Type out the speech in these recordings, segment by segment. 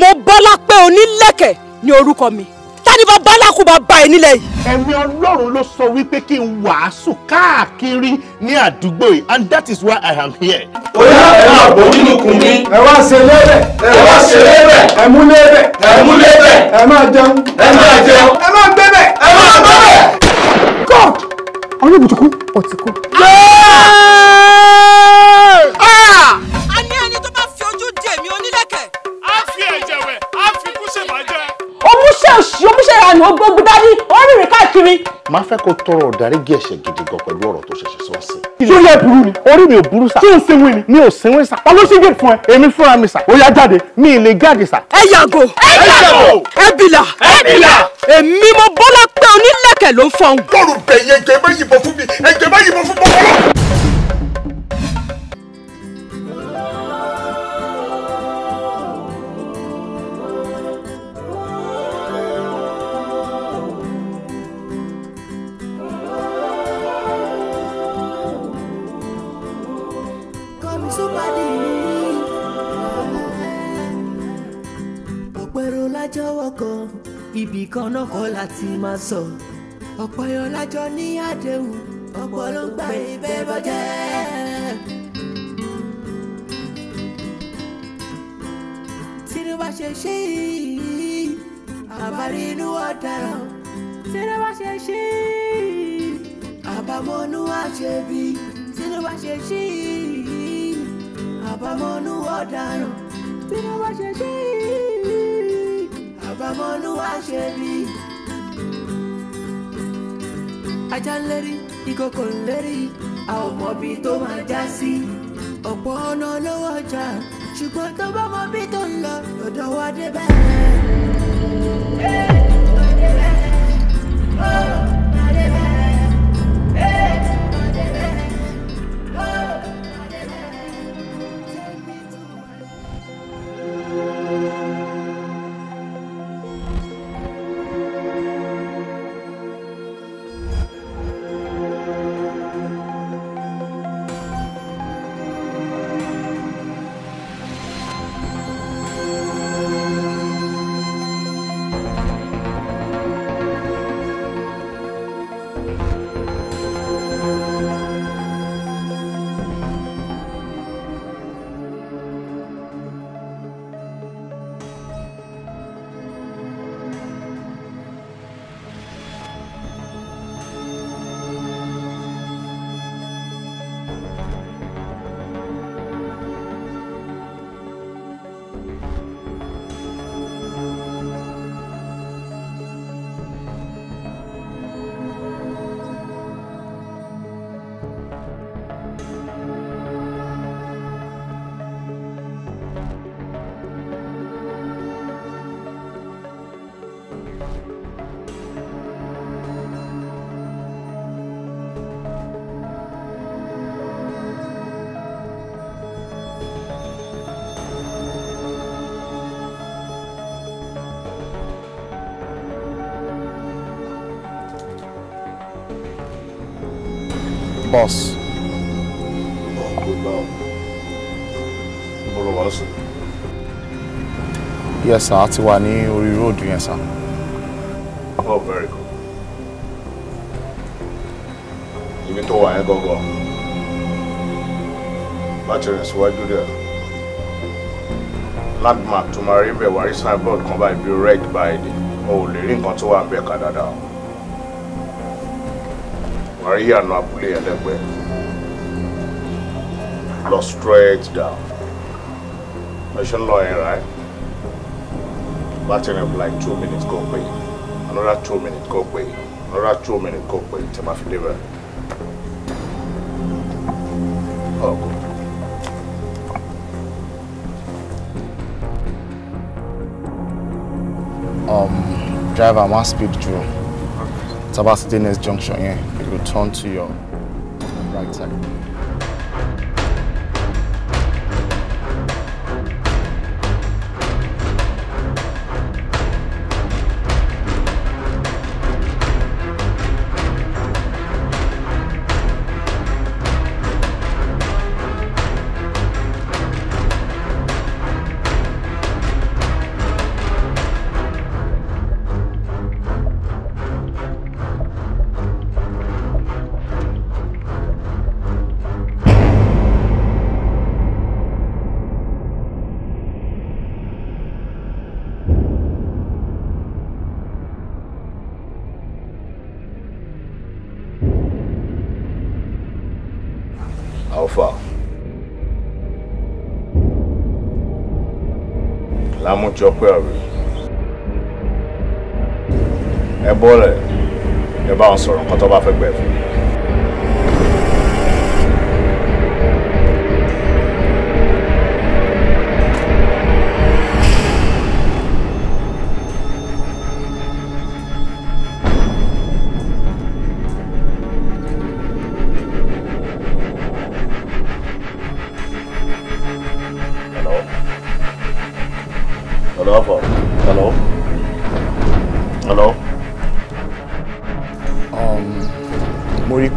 mo bọ́lá pé onílẹ̀kẹ̀ ni orúkọ mi tani bá bálákù bá ba ẹ nílẹ̀ yìí. ẹ̀mí ọlọ́run ló sọ wípé kí n wàásù káàkiri ní àdúgbò yìí and that is why i am here. ó ẹ máa bọ̀ nínú kùn mi. ẹ wá ṣe lébẹ̀. ẹ wá ṣe lébẹ̀. ẹ mú lébẹ̀. ẹ mú lébẹ̀. ẹ máa jẹun. ẹ máa jẹun. ẹ máa gbébẹ̀. ẹ máa gbébẹ̀. god ọlọ́run ti kú. yéé. oníṣẹ́ òṣì oníṣẹ́ ìranù ogbogbo dání orírì káàkiri. máa fẹ́ kó tọrọ ọ̀dáríjì ẹ̀ṣẹ̀ gidi gan pẹ̀lú ọ̀rọ̀ tó ṣẹ̀ṣẹ̀ sọ sí. tí ó yẹ burú ni orí mi ò burú sà. tí ò sinwin ni mi ò sinwin sà. ta ló ṣe gé fún ẹ. èmi fúnra mi sà. ó yá jáde mi ì lè jáde sà. ẹ yàgò ẹ yàgò ẹ bìlà ẹ bìlà èmi mo bọ́lá pé onílẹ̀kẹ̀ ló ń fọhùn. bọ́ọ̀lù bẹ̀yẹ̀ ẹ̀jẹ̀ bá yìnbọn fún mi ẹ̀jẹ̀ bá yìnbọn fún bọ́ọ̀lù. lọ́kọ ibì kan náà kọ́ láti máa sọ ọ̀pọ̀ èèyàn lájọ ní àdéhùn ọ̀pọ̀ ló ń gbà ibẹ̀ bọ́jẹ́. tinubu ṣe ṣe yìí àbárí inú ọ̀daràn tinubu ṣe ṣe yìí àbámọ́nú àṣebí tinubu ṣe ṣe yìí àbámọ́nú ọ̀daràn tinubu ṣe ṣe yìí ọmọlúwa ṣe bí. ajá ń lérí ìkòkò ń lérí a ò mọbi tó máa já sí. ọ̀pọ̀ ọ̀nà lówó ọjà ṣùgbọ́n tó bá mọbi tó ń lọ lọ́dọ̀ wa débẹ̀. ẹ ẹ lọ́dẹ̀ bẹ́ẹ̀. about bọ́rọ̀ wá sí. yes sir a ti wà ní orí róòdù Yes, sir. oh very good. ibi tó wà yẹn gangan láti rìn síwájú rẹ̀ landmark tó máa rí bẹ̀ wá rí signboard kan báyìí bí red báyìí ni o ò lè rí nǹkan tó wà ń bẹ̀ ká dáadáa wàá rí àná abúlé yẹn lẹ́gbẹ̀ẹ́ lọ straight down mission lawyer right bàtẹ́rẹ̀ of like two minutes kò pé another two minutes kò pé another two minutes kò pé tẹ́ máa fi dé bẹ́ẹ̀. um, driver one speed drill. Okay. Tabasiti next junction here. Yeah. It will turn to your right side. mo jọ pé ọ̀rẹ́ ẹ bọ́lẹ̀ ẹ bá wọn sọ̀rọ̀ nǹkan tó bá fẹ́ gbẹ̀ fún mi.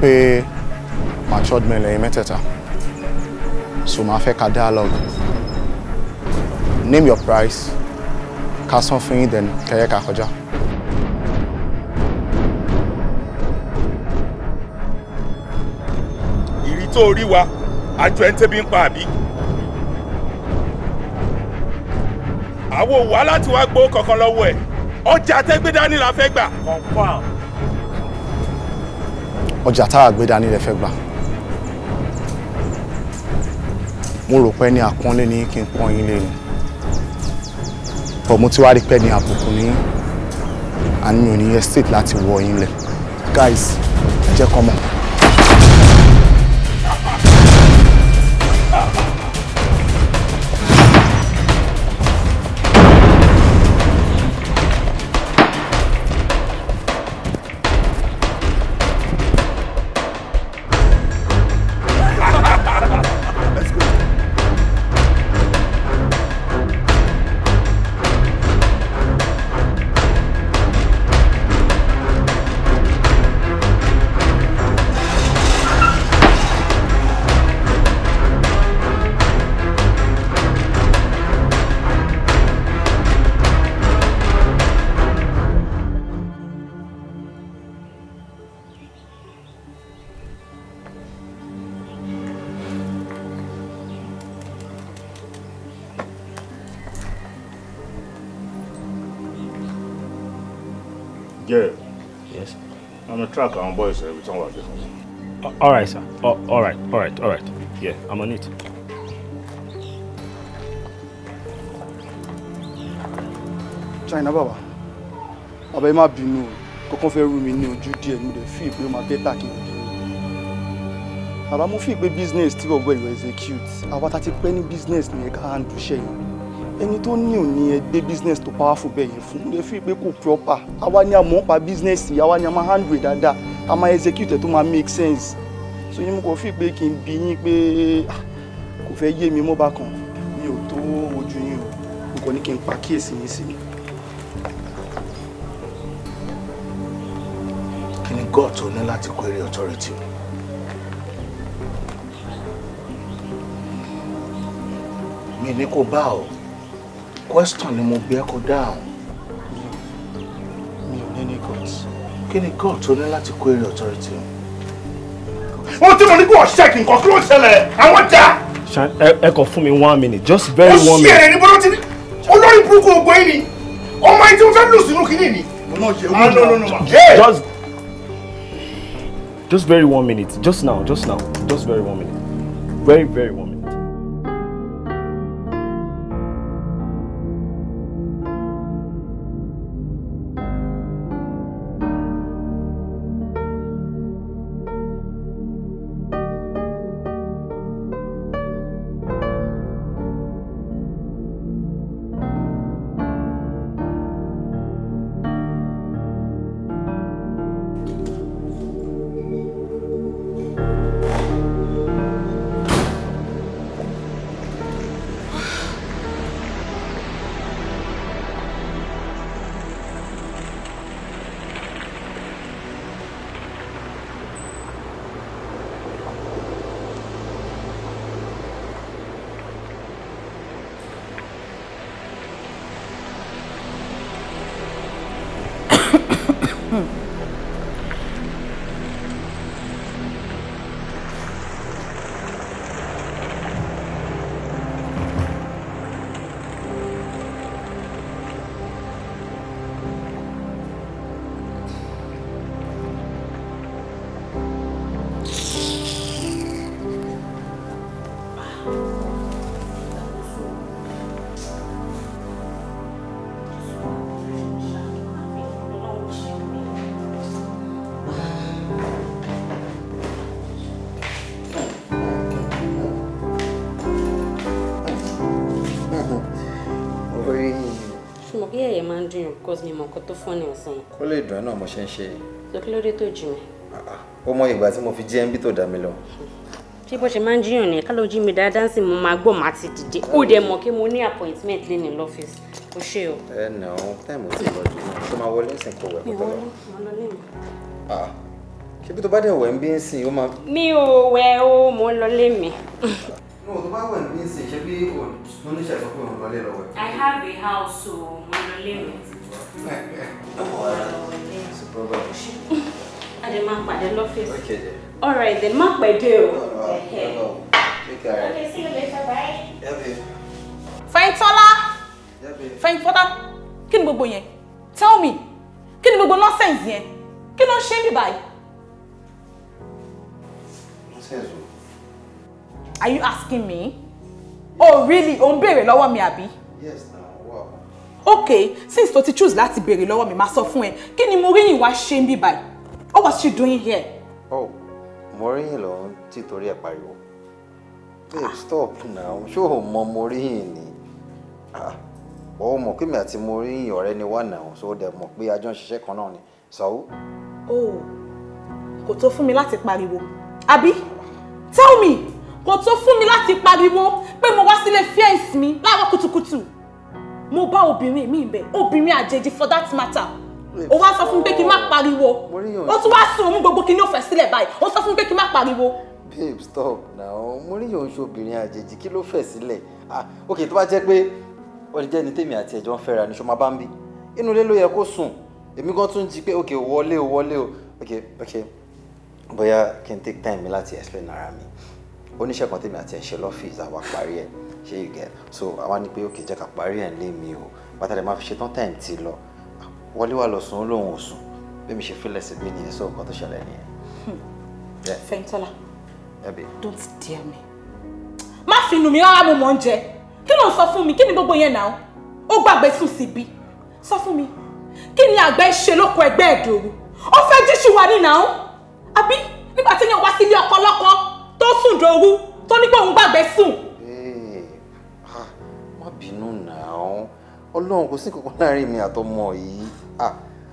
pé matured men lẹ́yìn mẹ́tẹ̀ẹ̀ta so máa fẹ́ ka dialogue name your price ká san fún yín then kẹ́yẹ́ ká kọjá. ìrì tó rí wa àjọ ẹni tẹ́bí ń pa àbí. àwo wà láti wá gbọ́ kankan lọ́wọ́ ẹ̀ ọjà tẹ́gbẹ́dání la fẹ́ gbà. confam ọjà tá a gbé dání rẹ̀ fẹ́ gbà mo rò pé ní àpọ́nlé ní kí n pọ́n yín lé ni bọ̀ mo ti wá rí pé ní àbùkù ní àní ní estate láti wọ yín lẹ̀ guys ẹ jẹ́ kọ́ track àwọn boys rẹ̀ bí tán wà dé all right sir oh, all right all right all right yeah i'm on it. china bàbá baba. ẹ má bínú o kankan fẹ́ rú mi ní ojú díẹ̀ mo dẹ̀ fi ìpè máa bẹ́tà kí n bí business tí bọ̀bọ̀ ìwẹ̀ execute àwa ta ti pẹ́ ní business ní ẹ̀ka handle ṣẹ́yìn ẹni tó ní ò ní ẹgbẹ́ business tó powerful bẹ́ẹ̀ yẹn fún lè fi pé kò proper àwa ni a mọ̀ pa business yìí àwa ni a máa handle it dáadáa a máa execute ẹ̀ tó máa make sense so yín mo kàn fi pé kí n bi yín pé ah, kò fẹ́ yé mi mọ́ bákan mi ò tó ojú yín o mo kàn ní kí n pa kíyèsí yín sí kí ni god tó ní láti query authority o. mi ní kò bá o question ni mo bí ẹ kó dáhùn. mi ò ní ní god. kí ni god tó ní láti kó èrè authority o. ohun tí mo ní kí wọ́n ṣẹ́ẹ̀kì nǹkan kí ló ń ṣẹlẹ̀ àwọn já. ẹ kàn fún mi one minute just very one minute. ó ṣe ẹni bọ́dọ̀ ti ní olórí burúkú ogbó yìí ni ọmọ ẹni tí mo fẹ́ lù sínú kínní ni. mo náà yẹ owó náà. no no no just just very one minute just now just now just very one minute very very one minute. lójú yẹn because mi mọ nǹkan tó fún ni ọ̀sán kó lè dùn ẹ́ náà mo ṣe ń ṣe. lókè lórí tó jì mí. ó mọ ìgbà tí mo fi jẹ́ ń bí tó dá mi lọ. ṣé bó ṣe máa ń jiyàn ni ká ló jí mi dáadáa sí mo máa gbọ́ màá ti dìde ó dẹ̀ mọ̀ kí mo ní appointment lé ní lọ́fíìsì kò ṣe o. ẹ nà ó táìmù ti lọ jù lọ ṣé máa wọlé ìsìn kò wẹ̀ lọ. ṣé bí tó bá dẹ̀ wẹ̀ ń bí ń sìn ó máa. mi ò wẹ̀ o mo lọ lé mi. No, tó bá wẹ̀ ní ìsìn ṣe bí oníṣẹ́ sọ pé òun lọ lé lọ wẹ̀. I have a house so mo lọ lé mi. A lè máa Okay, lọ́fíìsì. All right then, má pẹ́ dé o. Okay, see you later, bye. Fine, Fẹ́ntọ́lá! Can you gbogbo yẹn? Tell me! Can you gbogbo nọ́sẹ̀nsì yẹn? Kí ló ń ṣe mí báyìí? Nọ́sẹ̀nsì Are you asking me? Oh, really? Ó ń béèrè lọ́wọ́ mi àbí? Yes, now. Wow. Okay, since tó ti choose láti béèrè lọ́wọ́ mi, màá sọ fún ẹ. Kí ni Moriyin wá ṣe ń bí What was she doing here? Oh, Moriyin ló ń tìtorí ẹ̀ pariwo. Babe, stop now. Show o mọ Moriyin ni? Ah, oh, mọ̀ kí mi àti Moriyin ọ̀rẹ́ ni wá náà, so ó dẹ̀ mọ̀ pé a jọ ń kan náà ni. So. Oh, kò tó fún mi láti pariwo. Àbí? Tell me, kò tó fún mi láti pariwo pé mo wá sílé fíẹ́ǹsì mi láàárọ̀ kùtùkùtù mo bá obìnrin mi bẹ̀ obìnrin àjèjì for that matter ó wá sọ fún mi pé kí n má pariwo ó tún wá sùn mú gbogbo kí ni ó fẹ́ sílẹ̀ báyìí ó sọ fún mi pé kí n má pariwo. babe stop now mo rí yòó ṣe obìnrin àjèjì kí ló fẹ́ sílẹ̀ ah ok tó bá jẹ́ pé ọ̀rẹ́jẹ́ ni tèmi àti ẹ̀jọ́ ń fẹ́ra ní sọ́mọ́ bá ń bí inú ilé ló yẹ kó sùn èmi gan tún jí pé ok wọlé o wọlé o ok ok bóyá kí n take time mi láti explain ara mi oníṣẹ́ tèmi àti ẹ̀ lọ́fíìsì àwa parí ẹ̀ ṣé you get so àwa ni pé òkè jẹ́ parí ẹ̀ lé mi o bàtà máa fi ṣetán time ti lọ wọlé wa lọ sùn ó lóun ò sùn bí mi ṣe fílẹ̀ sí bí nìyẹn sọ nǹkan tó ṣẹlẹ̀ nìyẹn. Hmm. Fẹ́ntọ́lá don't dare me má fi nù mí rárá mo mọ̀ ń jẹ kí ló ń sọ fún mi kí ni gbogbo yẹn náà ó gbàgbé sùn síbi sọ fún mi kí ni àgbẹ̀ ṣe lóko ẹgbẹ́ ẹ̀dòrú ó fẹ́ jíṣù wa nínà ó àbí nígbà tí yẹn wá sílé ọkọ lọ́kọ́ tó sùn dòru tó ní pé òun gbàgbé sùn. Eh, ah, má bínú náà ọlọ́run kò sí kankan láàrin mi àtọmọ yìí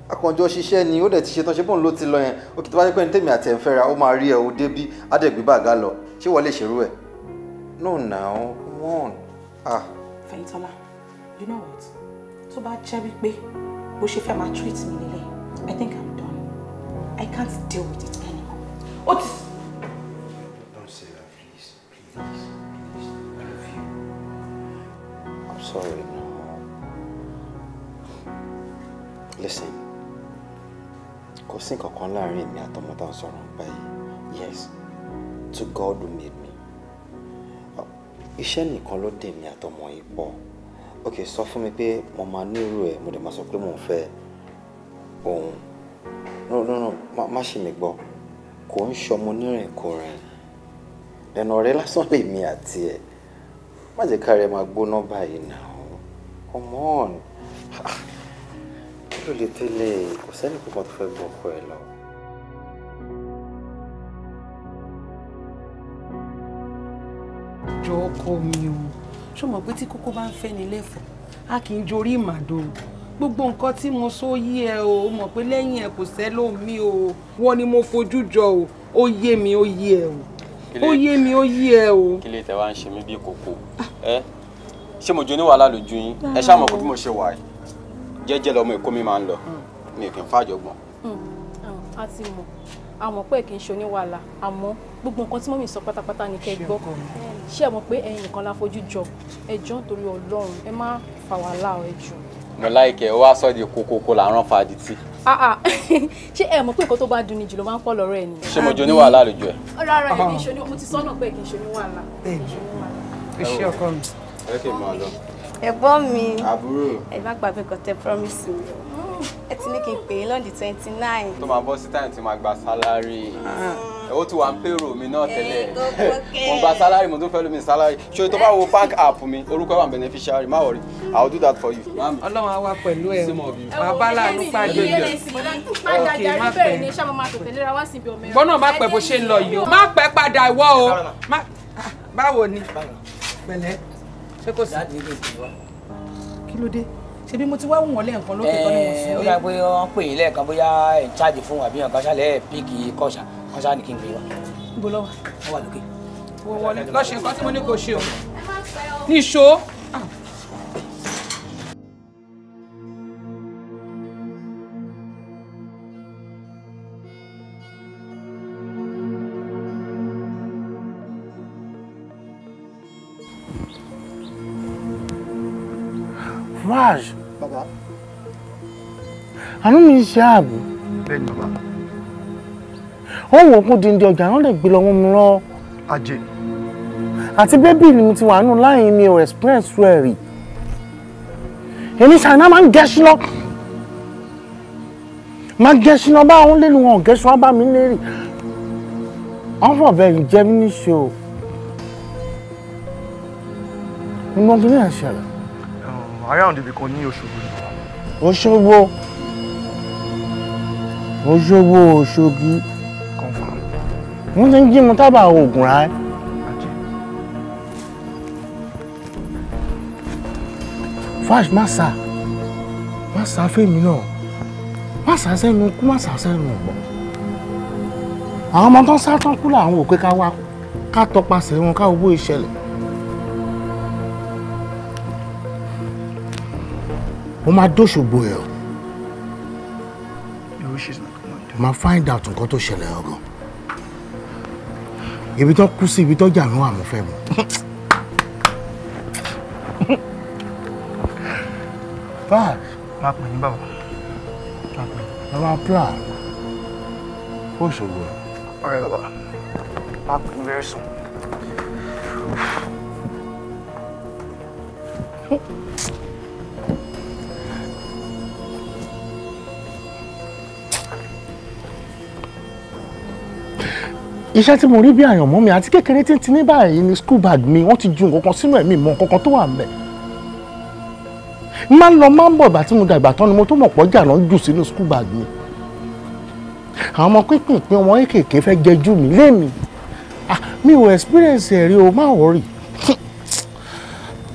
akànjọ ah, ṣiṣẹ́ ni ó dẹ̀ ti ṣetán ṣe bóun ló ti lọ yẹn ó kì í tó bá jẹ́ pé ní tèmi àti ẹ̀ ń fẹ́ra ó máa rí ẹ̀ ó débí á dẹ̀ gbé bàgá lọ ṣé wọ́n lè ṣerú ẹ̀ no now come on. Ah. Fẹ́yìntọ́lá, you know what? Tó bá jẹ́ wípé bó ṣe fẹ́ máa treat mi nílé, I think I'm done. I can't deal with it anymore. Ó sorry, no. Listen, kò sí nǹkan kan láàrin èmi àtọmọ tá à ń sọ̀rọ̀ nípa Yes, to God who made me. Iṣẹ́ nìkan ló dè mí àtọmọ yìí pọ̀. Ok, sọ fún mi pé mo máa ní irú ẹ̀, mo dẹ̀ máa No, no, no, má ṣe mi gbọ́. Kò ń ṣọmọ Then Ẹnu ọ̀rẹ́ lásán lèmi àti ẹ̀ má jẹ́ ká rẹ máa gbóná báyìí náà come on kí ló lè tẹ́lẹ̀ kò sẹ́ni kankan tó fẹ́ gbọ́ ọkọ ẹ lọ. jọ ọkọ mi o ṣó mọ̀ pé tí kókó bá ń fẹ́ ni lẹ́fọ̀ọ́ a kì í jorí ìmàdó gbogbo nǹkan tí mo sọ yí ẹ o mọ̀ pé lẹ́yìn ẹ kò sẹ́lómi o wọ́n ni mo fojú jọ o ó yé mi ó yé ẹ o ó yé mi ó yé ẹ o. kí lè tẹ wá ń ṣe mí bí kòkó ẹ ṣé mo jo ní wàhálà lójú yín ẹ ṣáà mọ̀ pé bí mo ṣe wà yìí jẹ́jẹ́ lọmọ èkó mi máa ń lọ mi ò kì í fàjọgbọ́n. Hmm, hmm, a ti mọ̀ a mọ̀ pé kì í ṣe oníwàhálà àmọ́ gbogbo nǹkan tí mọ́mí sọ pátápátá ni kẹ́ gbọ́ ṣé ẹ mọ̀ pé ẹ̀yin nìkan la fojú jọ nítorí Ọlọ́run ẹ má fà wàhálà ẹjọ́ mo láìkẹ́ ó wá sọ́ di kokoko làárọ̀ fàájì tí. Ah, ah. ṣé ẹ mọ̀ pé nǹkan tó bá dunni jù ló máa ń pọ̀ lọ́rọ̀ ẹ̀ ni. ṣé mo jọ ní wàhálà lójú ẹ. rárá èmi ah. ṣe ni mo ti sọ́nà pé kì í ṣe ní wàhálà. iṣẹ́ ọkọ mi. ẹ kì í mọ ọlọ. ẹ̀gbọ́n mi ẹ má gbàgbé nǹkan tẹ promise mi mm. ẹ ti ní kí n pè é lọ́ndì twenty nine. tó máa bọ́ sí táyà tí máa gba sálárì ó ti wà ń pérò mi náà tẹ́lẹ̀ mo gba salary mo tún fẹ́ lómi salary ṣé tó bá wo bank app mi orúkọ wà beneficiary má wọrí i will do that for you. ọlọ́run á wá pẹ̀lú ẹ̀ wà bá láàánú pàdé yẹn ok má pẹ́ gbọ́nà má pẹ́ bó ṣe ń lọ yìí o má pẹ́ padà ìwọ o báwo ni ah, pẹ̀lẹ́ ṣé kò sí kí ló dé ṣebí mo ti wá wọ̀n lẹ́ẹ̀kan lókè kan ní mo sùn. ó yà pé wọ́n pè yín lẹ́ẹ̀kan bóyá ẹ̀ ń ṣáàjì fún àbíyàn kan ṣáàlẹ̀ ẹ̀ píìkì kọ̀ṣà. kan ṣáà ní kí n gbé wa. níbo lọ wà. ó wà lókè. wo wọlé lọ ṣe nǹkan tí mo ah. Baba. ó wò ó kún dindi ọjà wọn lè gbé lọ wọn mú lọ. ajé. àti bébì ni mo ti wà nù láyìn mi ò express rẹ̀ rí èmi sànà máa ń gẹ̀ẹ́sì lọ máa gẹ̀ẹ́sì lọ bá òun lẹ́nu wọn gẹ̀ẹ́sì wọn bá mi lérì wọn fọ bẹ́ẹ̀ jẹ́ mi níṣe o ní wọn kì í yàn ṣẹlẹ̀. around ibi kan ní Òṣogbo Òṣogbo Òṣogbo Òṣogbo wọ́n ti ń jí mu tábà oògùn rà ẹ́. fash má sá má sá fèmí náà má sá sẹ́nu kú má sá sẹ́nu ọ̀gbọ́n àwọn ọmọ tó ń sá tán kú làwọn ò pé ká wá ká tọpasẹ̀ wọn ká owó ìṣẹ̀lẹ̀. mo máa dóṣogbo ẹ̀ o. ma find out nǹkan tó ṣẹlẹ̀ ọ̀gàn ibi tó kú sí ibi tó jàrún àmọ́ fẹ́ mu. báà máa pè ní bàbá máa pè. bàbá pla ó ṣòro. ọ̀rẹ́ bàbá máa pè ní very soon. iṣẹ́ tí mo rí bí àyànmọ́ mi àti kékeré tí ń ti ní báyìí ni school bag mi wọ́n ti ju nǹkan sínú ẹ̀mí mọ nǹkan tó wà ń bẹ̀. máa ń lọ máa ń bọ̀ bá tí mo dàgbà tán ni mo tó mọ̀ pọ̀ jà náà jù sínú school bag mi. àwọn ọmọ pínpín ọmọ kéékèèké fẹ́ jẹjú mi lémi ah, mi ò experience ẹ̀rí o má wọ̀rì.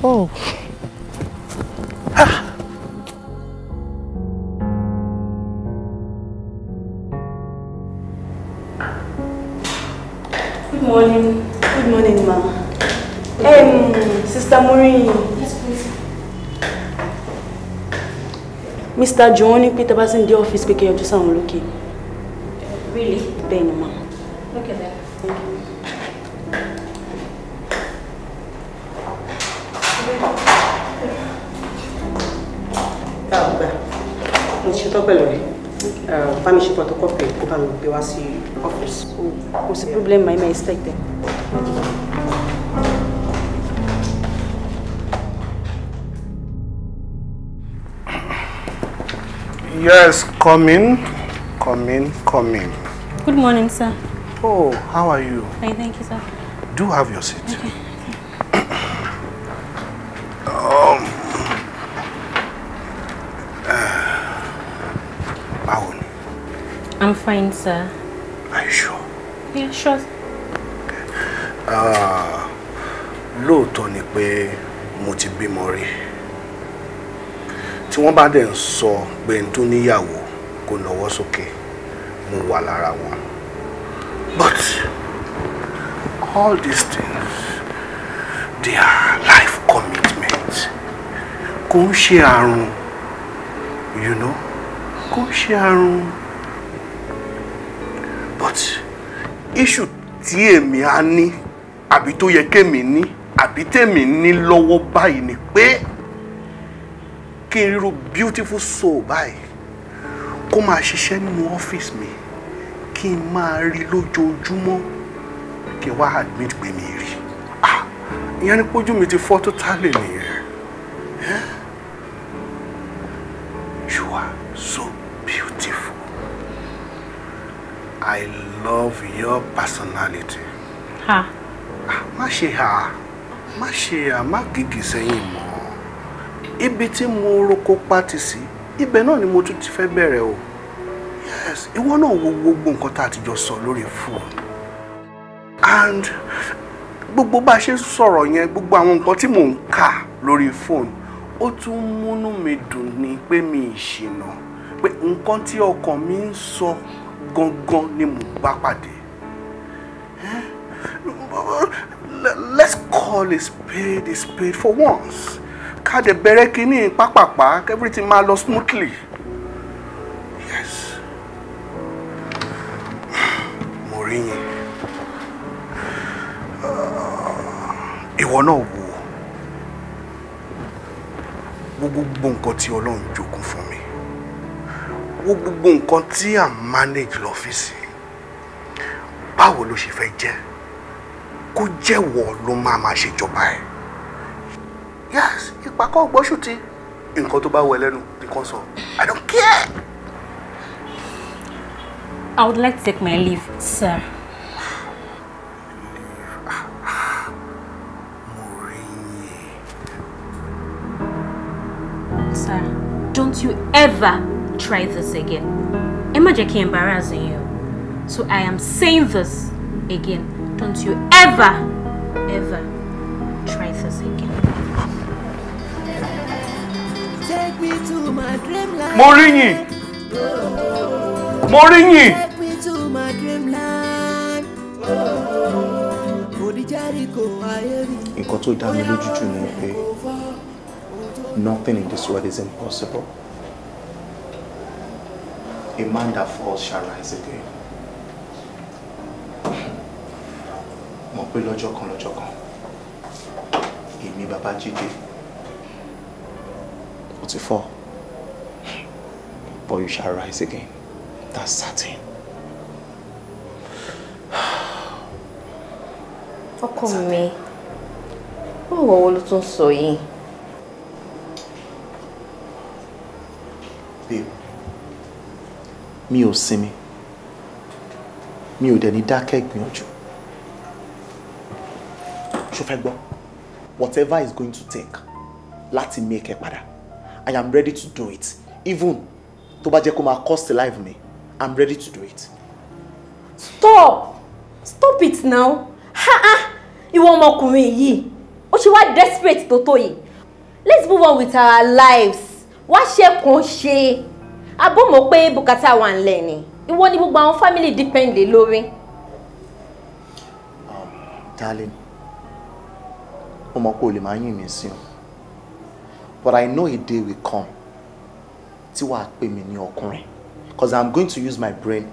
oh. green. Mr. Johnny Peter was in the office because of just unlucky. Really? Pain, ma'am. Look at that. Thank you. Fami și fotocopie, cu bani pe oasi office. Cu se problema, mai mai stai Yes, come in. Come in, come in. Good morning, sir. Oh, how are you? Fine, thank you, sir. Do have your seat. Okay. um, uh, Baun. I'm fine, sir. Are you sure? Yeah, sure. Uh, lóòótọ́ ni pé mo ti bímọ rí tí wọ́n bá dẹ̀ ń sọ pé n tó níyàwó kò náwó sókè mo wà lára wọn but all these things they are life commitments kò ń ṣe àrùn you know kò ń ṣe àrùn but issue tí èmi á ní àbí tó yẹ kémi ní àbí tèmi ní lọ́wọ́ báyìí ni pé kí n ríru beautiful soul báyìí kó máa ṣiṣẹ́ nínú ọ́fíìsì mi kí n máa rí lójoojúmọ́ kí n wá admit pé mi rí ah, ìyẹn ni pójú mi ti fọ́ tó tálẹ̀ nìyẹn you are so beautiful I love your personality. Ha. Ah, má ṣe ha, má ṣe ha, má gègé sẹ́yìn mọ́ ibi tí mo roko pati sí ibẹ̀ náà ni mo tún ti fẹ́ bẹ̀rẹ̀ o yes ìwọ náà wo gbogbo nǹkan tá a ti jọ sọ lórí fóònù and gbogbo bá a ṣe sọ̀rọ̀ yẹn gbogbo àwọn nǹkan tí mò ń kà lórí fóònù ó tún múnú mi dùn ni pé mi ì ṣìnà pé nǹkan tí ọkàn mi ń sọ gangan ni mò ń bá pàdé eh? let's call a spade a spade for once ká dẹ̀ bẹ̀rẹ̀ kínní pápápá everything máa lọ smoothly. yes mo rí yín ìwọ náà wò wo gbogbo nǹkan tí ọlọ́run jogún fún mi wo gbogbo nǹkan tí à ń manage lọ́fíìsì báwo ló ṣe fẹ́ jẹ́ kó jẹ́wọ́ ló máa máa ṣèjọba ẹ̀ yes ìpàkọ́ ògbóṣùtì nǹkan tó bá wọ ẹlẹ́nu nǹkan sọ i don't care. I would like to take my leave, sir. Sir, don't you ever try this again. Emma Jackie embarrassing you. So I am saying this again. Don't you ever, ever mo rí yìn mo rí yìn. nǹkan tó dá mi lójú jù ni pé nothing in this world is impossible. A man that falls shall rise again. Mọ̀ pé lọ́jọ́ kan lọ́jọ́ kan, èmi bàbá jíde, ó ti fọ́. But you shall rise again. That's certain. Ọkọ mi, báwo wo ló tún sọ yìí? Babe, Me ò sinmi, Me ò dẹ̀ ní dákẹ́ ìgbìyànjú. Ṣo fẹ́ gbọ́? Whatever is going to take let láti make it padà, I am ready to do it even tó bá jẹ́ kó máa cost life me. i'm ready to do it. stop stop it now ha ha ìwọ ọmọkùnrin yìí ó ṣe wá desperate tó tó yìí let's move on with our lives wá ṣẹkùn ṣe abọ́mọ̀ pé bùkátà wà ń lẹ̀ ni ìwọ ni gbogbo àwọn family depend lé lórí. Um, darling mo mọ̀ pé o lè máa yín mi sí o but i know a day will come tí wàá pè mí ní ọkùnrin because i'm going to use my brain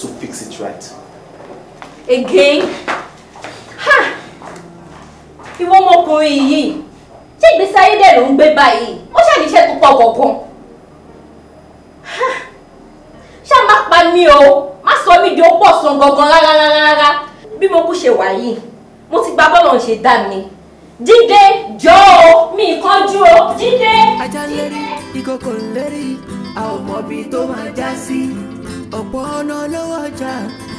to fix it right. again ha ìwọ ọmọkùnrin yìí ṣé ìgbésí ayé dẹ̀ ló ń gbé báyìí ó ṣàní iṣẹ́ tó pọ̀ gọ̀gàn ṣá má pa mí o má sọ mí di ó pọ̀ sàn gọ̀gàn rárá rárá bí mo kú ṣe wà yìí mo ti gba bọ́ọ̀lù ṣe dá mi jíde jọ o mi kánjú o jíde. ajá lérí ìkòkò lérí a ò mọ bí tó máa já sí ọ̀pọ̀ ọ̀nà lówó ọjà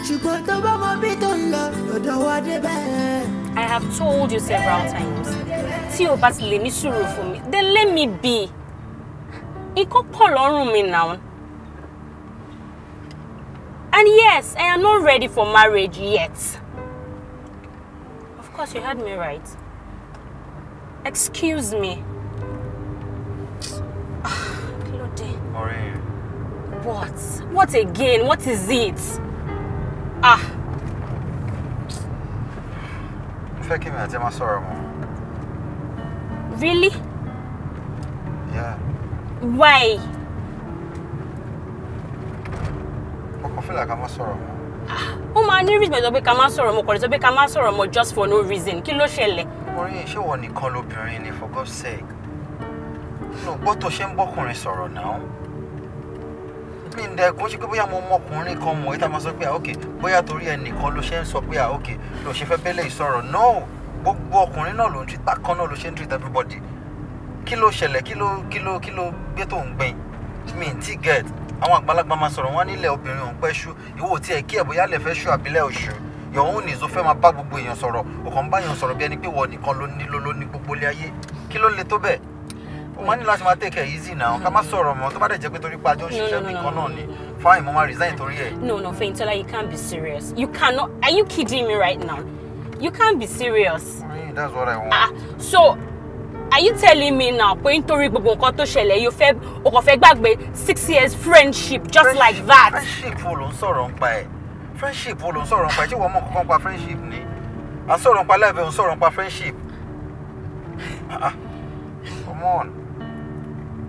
ṣùgbọ́n tó bá mọ bí tó ń lọ lọ́dọ̀ wá débẹ̀. I have told you several times tí o bá ti lè ní sùúrù fún mi then let me be ikú pọ̀ lọ́rùn mi náà. And yes, I am not ready for marriage yet. Of course, you heard me right excuse me. kí ló what what again what is it? ah. mo fẹ́ kí mi àti ẹ really? yeah. why? ọkàn fìlà ká má sọ̀rọ̀ mọ́. Oh ah, my! ní reason pé ká má sọ̀rọ̀ mọ́ kọ̀ọ̀rẹ́ sọ pé ká má sọ̀rọ̀ mọ́ just for no reason kí ló ṣẹlẹ̀? ọkùnrin yìí ṣé wọ́n nìkan lobìnrin ni for God's sake nínú gbọ́ tó ṣe ń bọ́kùnrin sọ̀rọ̀ náà mi ń dẹkùn ṣe pé bóyá mo mọkùnrin kan mọ̀ ìta máa sọ pé ah, ok bóyá torí ẹnìkan ló ṣe ń sọ pé ah, ok ló ṣe fẹ́ bẹ́lẹ̀ ìsọ̀rọ̀ no gbogbo ọkùnrin náà ló ń treat bákan náà ló ṣe ń treat everybody kí ló ṣẹlẹ̀ kí ló kí ló kí ló gbé tó ń gbìn mi ń tí get àwọn àgbàlagbà máa sọ̀rọ̀ wọn nílẹ̀ obìnrin òun pẹ́ ṣú ìwò tí ẹ̀ kí ẹ̀ bóyá lè fẹ́ ṣú àbílẹ̀ òṣù your own is o fẹ́ máa bá gbogbo èèyàn sọ̀rọ̀ o bá èèyàn sọ̀rọ̀ bí ẹni pé wọ́n nìkan ló ní ló ní gbogbo ilé ayé kí ló le tó bẹ́ẹ̀ o máa ní láti máa take it easy now ká má sọ̀rọ̀ mọ́ tó bá dẹ̀ jẹ́ pé torí pé àjọ òṣìṣẹ́ nìkan náà ni fine mo máa resign torí ẹ̀. no no Feintola you can't be serious you cannot are you kidding me right now you can't be serious. I that's what I want. ah so are you telling me now pé nítorí gbogbo nǹkan tó ṣẹlẹ̀ you fẹ́ o kò fẹ́ gbàgbé six years friendship just friendship, like that. friendship wo ló ń sọ̀rọ̀ ń pa ẹ̀ friendship wo ló ń sọ̀rọ̀ nípa ẹ̀ tí wọ́n mọ̀ kankan pa friendship ni à ń sọ̀rọ̀ nípa lẹ́ẹ̀bẹ̀ ń sọ̀rọ̀ nípa friendship ah, ah. come on.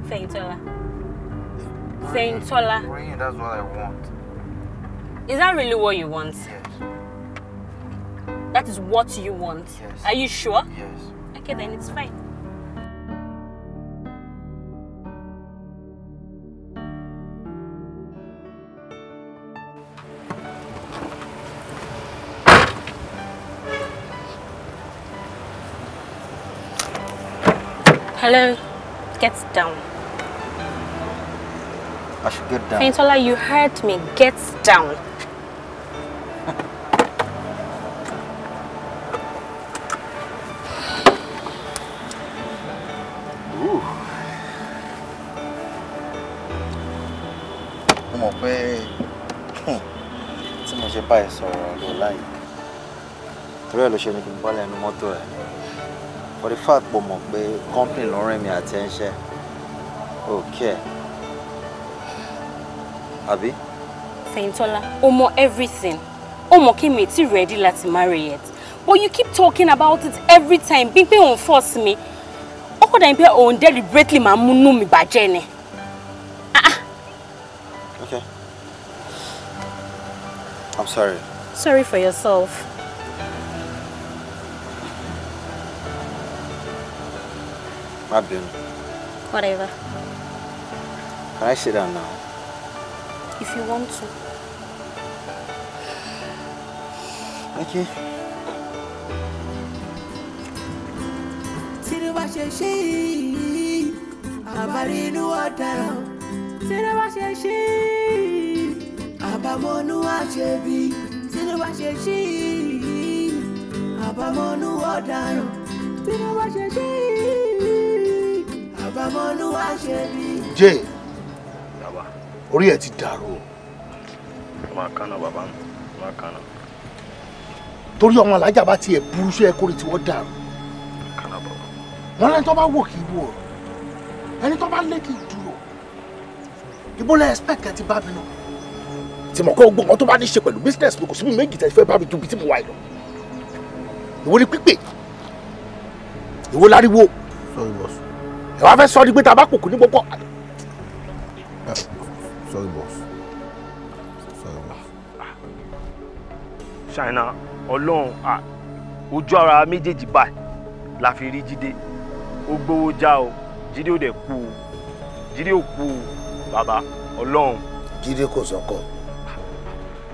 Fẹ́yìntọ́lá Fẹ́yìntọ́lá. Rain that's what I want. Is that really what you want? Yes. That is what you want? Yes. Are you sure? Yes. Okay then it's fine. Hello. Get down. I should get down. Faintola, you hurt me. Get down. Hmm, tí mo ṣe báyìí sọ̀rọ̀ ló láyìí torí ẹ̀ ló ṣe ní kí n bọ́lẹ̀ ẹnu mọ́tò ẹ̀. for the fact pọ̀ mọ̀ pé company ló rìn mí àti ẹ̀ ń ṣe okay àbí. Fẹ́yìntọ́lá o mọ everything o mọ kí mi ti ready lati marry yet but you keep talking about it every time bí pé òun force ko da kọ́ dàbí pé òun deliberately máa múnú mi bàjẹ́ ni. Ah, ah. Okay. I'm sorry. Sorry for yourself. My business. Whatever. Can I sit down now? If you want to. Okay. Tiriba Sheshi, Abarinu Ataro. Tiriba Sheshi, Abamonu Achebi. Tiriba Sheshi, Abamonu Ataro. Tiriba Sheshi. bàbá olúwa ṣe bí. jẹ́ orí ẹ̀ ti dàrú o. máa kánà bàbá mi máa kánà. torí ọmọ alájà bá tiẹ̀ burú sí ẹ kórè tí wọ́n dàrú. kánà bàbá. wọn lẹni tó bá wò kì í wò ọ ẹni tó bá lé kì í dúró ibo lẹ expect ẹ ti bá mi lọ. tí mo kọ́ gbọ́ nǹkan tó bá ní ṣe pẹ̀lú business mi kò sí mi méjì tẹ̀ fẹ́ bá mi ju bí tí mo wà yìí lọ. ìwọ ni pípé ìwọ láriwo. sọ ìwọ sùn ẹ wá fẹ́ sọ ni pé tá a bá pòkù ní gbogbo. sorry boss sorry boss. ṣáínà ọlọ́run ojú ara méjèèjì báyìí la fi rí jíde ó gbowó já o jíde ò dẹ̀ kú o jíde ò kú o bàbá ọlọ́run. jíde kò sọkọ.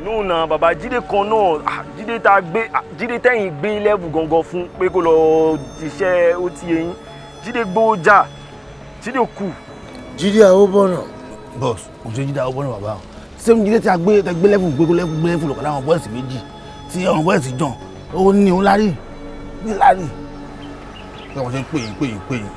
nù nà bàbá jíde kan náà jíde tá a gbé jíde tẹ̀yìn gbé lẹ́bù gangan fún pé kó lọ ṣiṣẹ́ ó ti yẹn jíde gbowó já Jídé kú. Jídé Awóbọ̀nà. Bọ́s, kò ṣe Jídé Awóbọ̀nà bàbá o. Sẹ́mi Jídé tí a gbé tẹ gbé lẹ́fù gbé lẹ́fù gbé lẹ́fù lọ́kàdá àwọn bọ́ọ̀sì méjì tí àwọn bọ́ọ̀sì jàn ó ní òun lárí ní lárí. Ṣé wọ́n ṣe ń pè yín pè yín pè yín?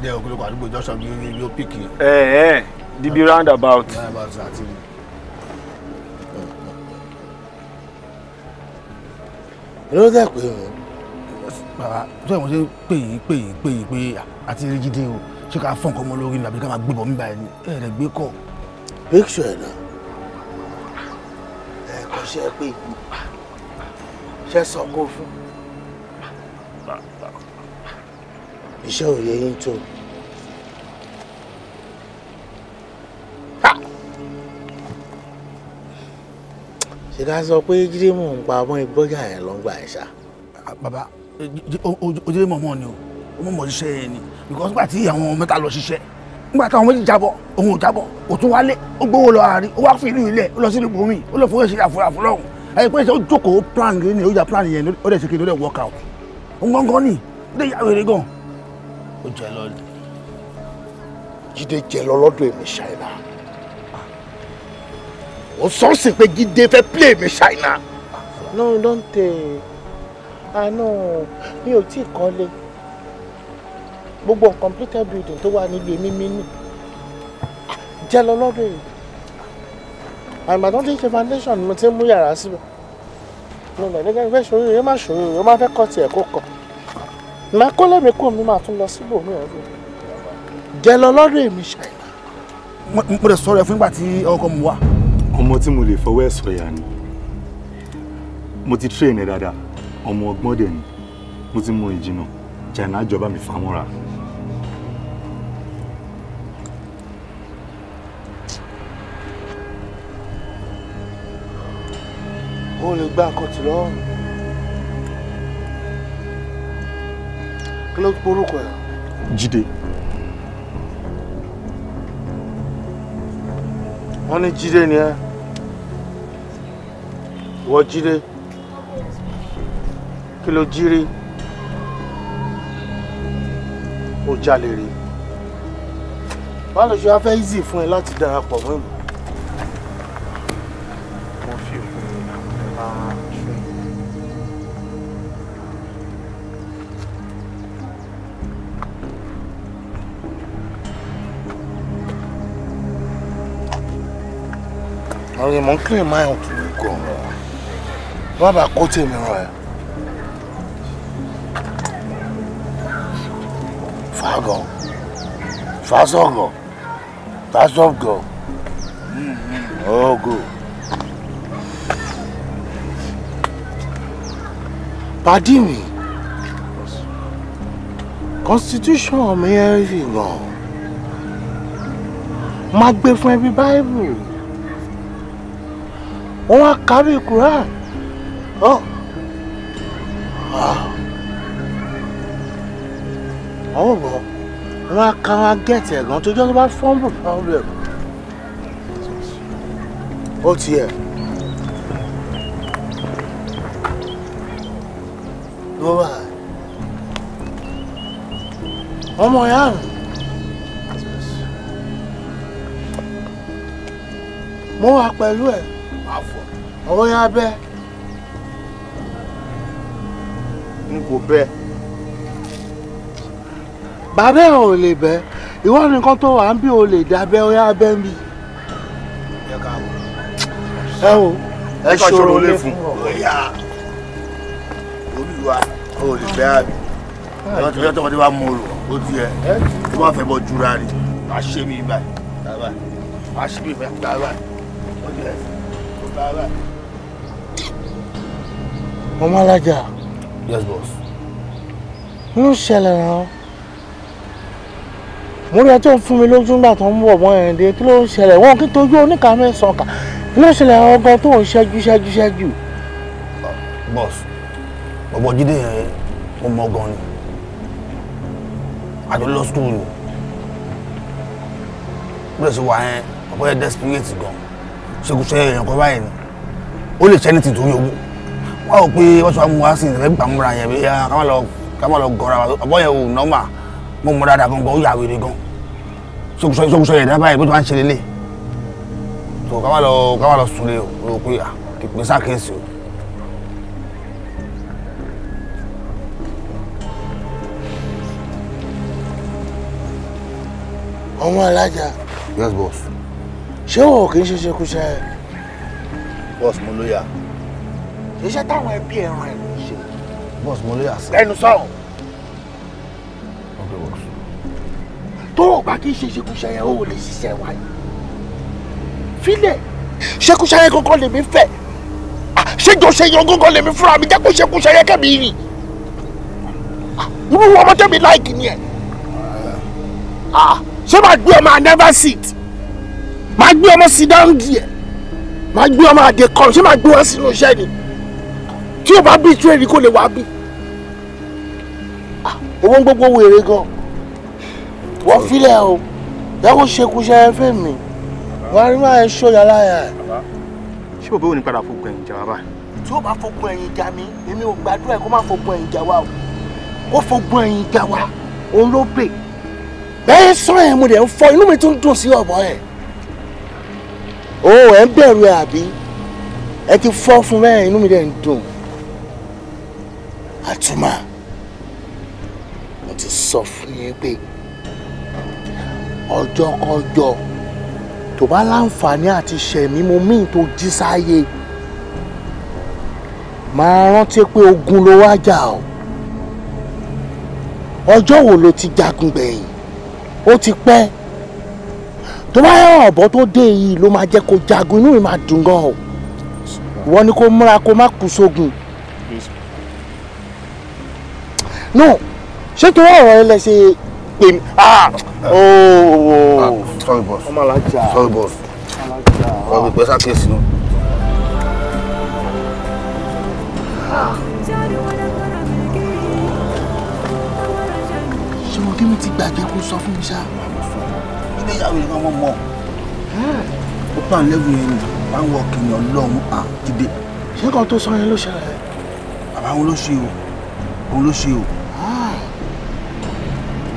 pàdé ògbólógbò àdúgbò junction bí yóò pìkì. ẹ ẹ dibi roundabout. roundabout àti ló dẹ̀ pé o. bàbá tó yẹ mo ṣe pè yí pè yí pè yí pé àti rigidi o ṣé ká fọ́n kọ́ ọmọ lórí ni àbí ká máa gbébọn mi báyìí ẹ rẹ̀ gbé kọ́. píksù ẹ̀ náà ẹ kọ́ ṣe é pé ṣe sọ kó fún iṣẹ́ ò yẹ yín tó. ṣe ká sọ pé jírímù ń pa ọmọ ìgbọ́jà yẹn lọ́ngbà ẹ̀ ṣá. Ah, bàbá eh, ojúlẹ̀mọ̀ mọ̀ ni o ọmọ mọ̀ ṣiṣẹ́ yẹn ni because nígbà tí àwọn mẹ́ta lọ ṣiṣẹ́ nígbà táwọn méjì jábọ̀ òun ò jábọ̀ òtún wálé ó gbówó lọ àárín ó wá fún ìlú ilẹ̀ ó lọ sí ìlú bòmí ó lọ fún ìṣẹ̀lẹ̀ àfúrafú lọ́hùn ẹ̀ pé ó jókòó plan ní ó jà plan yẹn ó dẹ̀ ṣe kí ló dẹ̀ work out ó ń gbọ́ngàn ní ó dẹ̀ yà wèrè gan-an ó jẹ lọ lè. jíde jẹ lọ lọ́dọ̀ èmi ṣáínà ó sọ́ọ̀sì pé jíde fẹ́ pílé èmi ṣáínà. no don't tell àánú ah, mi ò tí ì kọ́lé gbogbo completed building tó wà nílùú èmi mi nì jẹ́ lọ lọ́dọ̀ èyí àgbàdàn tí ń ṣe foundation mo ti ń mú yàrá síbẹ̀ mo lọ nígbà ìfẹ́ ṣòro rẹ má ṣòro rẹ má fẹ́ kọ́ tiẹ̀ kó kọ́ máa kọ́ lẹ́mìí kó mi máa tún lọ síbò ní ọ̀dọ̀ jẹ lọ lọ́dọ̀ èmi ṣàìlá. mo lè sọ̀rọ̀ ẹ fún ìgbà tí ọkọ mi wà. ọmọ tí mo lè fọwọ́ ẹ̀ sọ̀yà ni mo ti train ẹ dáadáa ọmọ ọgbọ́n dẹ̀ ni mo ti mọ ìjìnà jàǹdà jọba mi fámọ́ra. ó lè gba àkọ́tì lọ́rùn. kí ló porúkọ ẹ̀. Jídé. wọ́n ní Jídé ni ẹ́ wọ́n Jídé kí ló jí rí ó jalè rí báwo ló ṣe wá fẹ́ easy fún ẹ láti darapọ̀ mọ́ ìlú. sorry, mo ń clean my own to you gan. Wọ́n bá kó tèmi ràn ẹ́. Fàágàn, fàásọ̀gàn, fàásọ̀gàn, ọ̀gọ̀. Pàdí mi, constitution mi ẹ̀ rí gan. Máa gbé fún ẹbí Báíbù wọ́n wá kárí Quran àwọn bọ̀ wọ́n á ká wá gẹ̀ẹ́tì ẹ̀gán tó jọ́ tó bá fọ́ǹbù problem ó tiẹ̀ ló wà ọmọ ìyá mi mo wà pẹ̀lú ẹ̀ ọwọ́ yẹn abẹ́ n kò bẹ́ bàbá ẹ̀ ò lè bẹ́ ìwọ nìkan tó wà ń bí o lè dábẹ́ ọyá abẹ́ ń bì. ẹ wo ẹ ṣòro lé fún olùwà ò lè bẹ́ àbí ọjọ́ tí wọ́n tọ́kọ tí wọ́n mú olùwà ó ti yẹ tí wọ́n fẹ́ bọ́ jura rẹ̀ wá ṣé mi báyìí wá ṣé mi báyìí báyìí báyìí. Mama Alájà. Yes, boss. Mo ń ṣẹlẹ̀ náà. Mo rí ẹ tó ń fún mi lójú nígbà tó ń bọ̀ mọ́ ẹ̀ dé. Kí ló ń ṣẹlẹ̀? Wọ́n kí tojú oníkà mẹ́sàn-án kà. Kí ló ń ṣẹlẹ̀ ọgọ́ tó ń Boss, bọ̀bọ̀ Jídé yẹn mo mọ gan ni. Àjọ lọ school ni. Bílẹ̀ sí wa yẹn, ọ̀pọ̀ yẹn desperate gan. Ṣé kò ṣe èèyàn kan báyìí ni? Ó lè se ní ti torí ogún wọ́n ò pé wọ́n sọ àwọn wáṣí ìrẹ́bí pàmòrà yẹn bí ah, ká má lọ gọ́ra ọ̀bọ yẹn ò nọ́mà mo mọ̀ dáadáa gan gan ó yà wèrè gan sókùsọ yẹn dábàá yẹn bó ti máa ń ṣe lélẹ̀ tó ká má lọ ká má lọ súnlé o ló pé à ah, kì í o. ọmọ alájà. yes boss. ṣé wọn ò kì í ṣe ṣekúṣe. boss mo ló yà iṣẹ́ táwọn ẹbí ẹran ẹ̀ ń ṣe. bọ́ọ̀sì mo lè yà sí. ẹnu sọ̀rọ̀. ok works. tó o bá kí ṣe ṣekúṣe yẹn o ò lè ṣiṣẹ́ wa yìí. fílẹ̀ ṣekúṣe yẹn kankan lèmi fẹ́ ah, ṣéjọ ṣe yan gángan lèmi fúnra mi jẹ́ kó ṣekúṣe yẹn kẹ́mi rìn. irú ọmọ tẹ́mi láìkì ni ẹ̀. Ah, ṣé màá gbé ọmọ i never sit màá gbé ọmọ sit down díẹ̀ màá gbé ọmọ àdè kọrùn ṣé màá gbé wọn sínú iṣẹ́ ni tí o bá bí tú ẹ̀rí kò lè wá bí. owó ń gbogbo wèrè gan wọ́n filẹ̀ o yàgò ṣekúṣẹ́ fẹ́ mi wọ́n á rí máa ṣọ́ yàrá yà. ṣé bàbá ò ní padà fokùn ẹ̀yìn jà wá báyìí. tí o bá fokùn ẹ̀yìn jà mi èmi ò gbàdúrà kó má fokùn ẹ̀yìn jà wá o kó fokùn ẹ̀yìn jà wá òun ló bè bẹ́ẹ̀ sọ̀rọ̀ yẹn mo dẹ̀ ń fọ inú mi tún dùn sí ọ̀bọ yẹn o ẹ̀ ń bẹ̀rù ẹ̀ àbí ẹ ti fọ́ fún bẹ́ẹ̀ inú mi dẹ̀ ń dùn atuma, mo ti sọ fún yín pé ọjọ́ kọjọ́ tó bá láǹfààní àti ṣẹ̀mí mo míì tó jí sáyé máa rántí pé ogun ló wá jà ọ́ ọjọ́ wo ló ti jagun gbẹ̀yìn ó ti pẹ́ tó bá yẹ ọ̀bọ tó dé yìí ló máa jẹ́ kó jagun inú mi máa dùn gan o ìwọ ni kó múra kó má kú sógun. no ṣé torí ọ̀rọ̀ ẹ lẹ ṣe pè mí ah, ah ooo. Oh. Ah, sorry boss ọmọ alájà sorry boss ọmọ ìpè sàkíyèsí nù. ṣé mo kí mi ti gbàgbé kó sọ fún mi ṣá. ilé ìyàwó yìí wọ́n mọ̀ ó pàn lẹ́gùn yẹn ni wọ́n wọ kìnìún lọ́hùn à dìde. ṣé kan tó sọ yẹn ló ṣẹlẹ̀. bàbá wọn ló ṣe o òun ló ṣe o.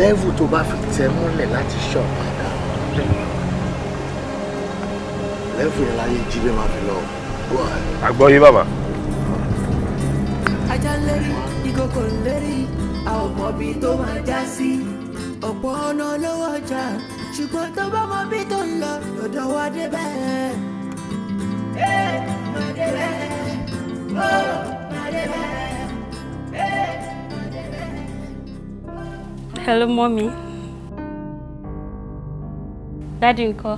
lẹ́vù tó bá fi tẹ̀ mọ́lẹ̀ láti ṣọ̀ padà lẹ́vù yẹn láyé jíde máa fi lọ bó a. àgbọ̀ yé bàbá. ajá ń lérí ìkòkò ń lérí a ò mọ bí tó máa já sí ọ̀pọ̀ ọ̀nà lówó ọjà ṣùgbọ́n tó bá mọ bí tó ń lọ lọ́dọ̀ wa débẹ̀. ẹ máa débẹ̀ ó. Oh. Hello, mommy. Daddy ńkọ́?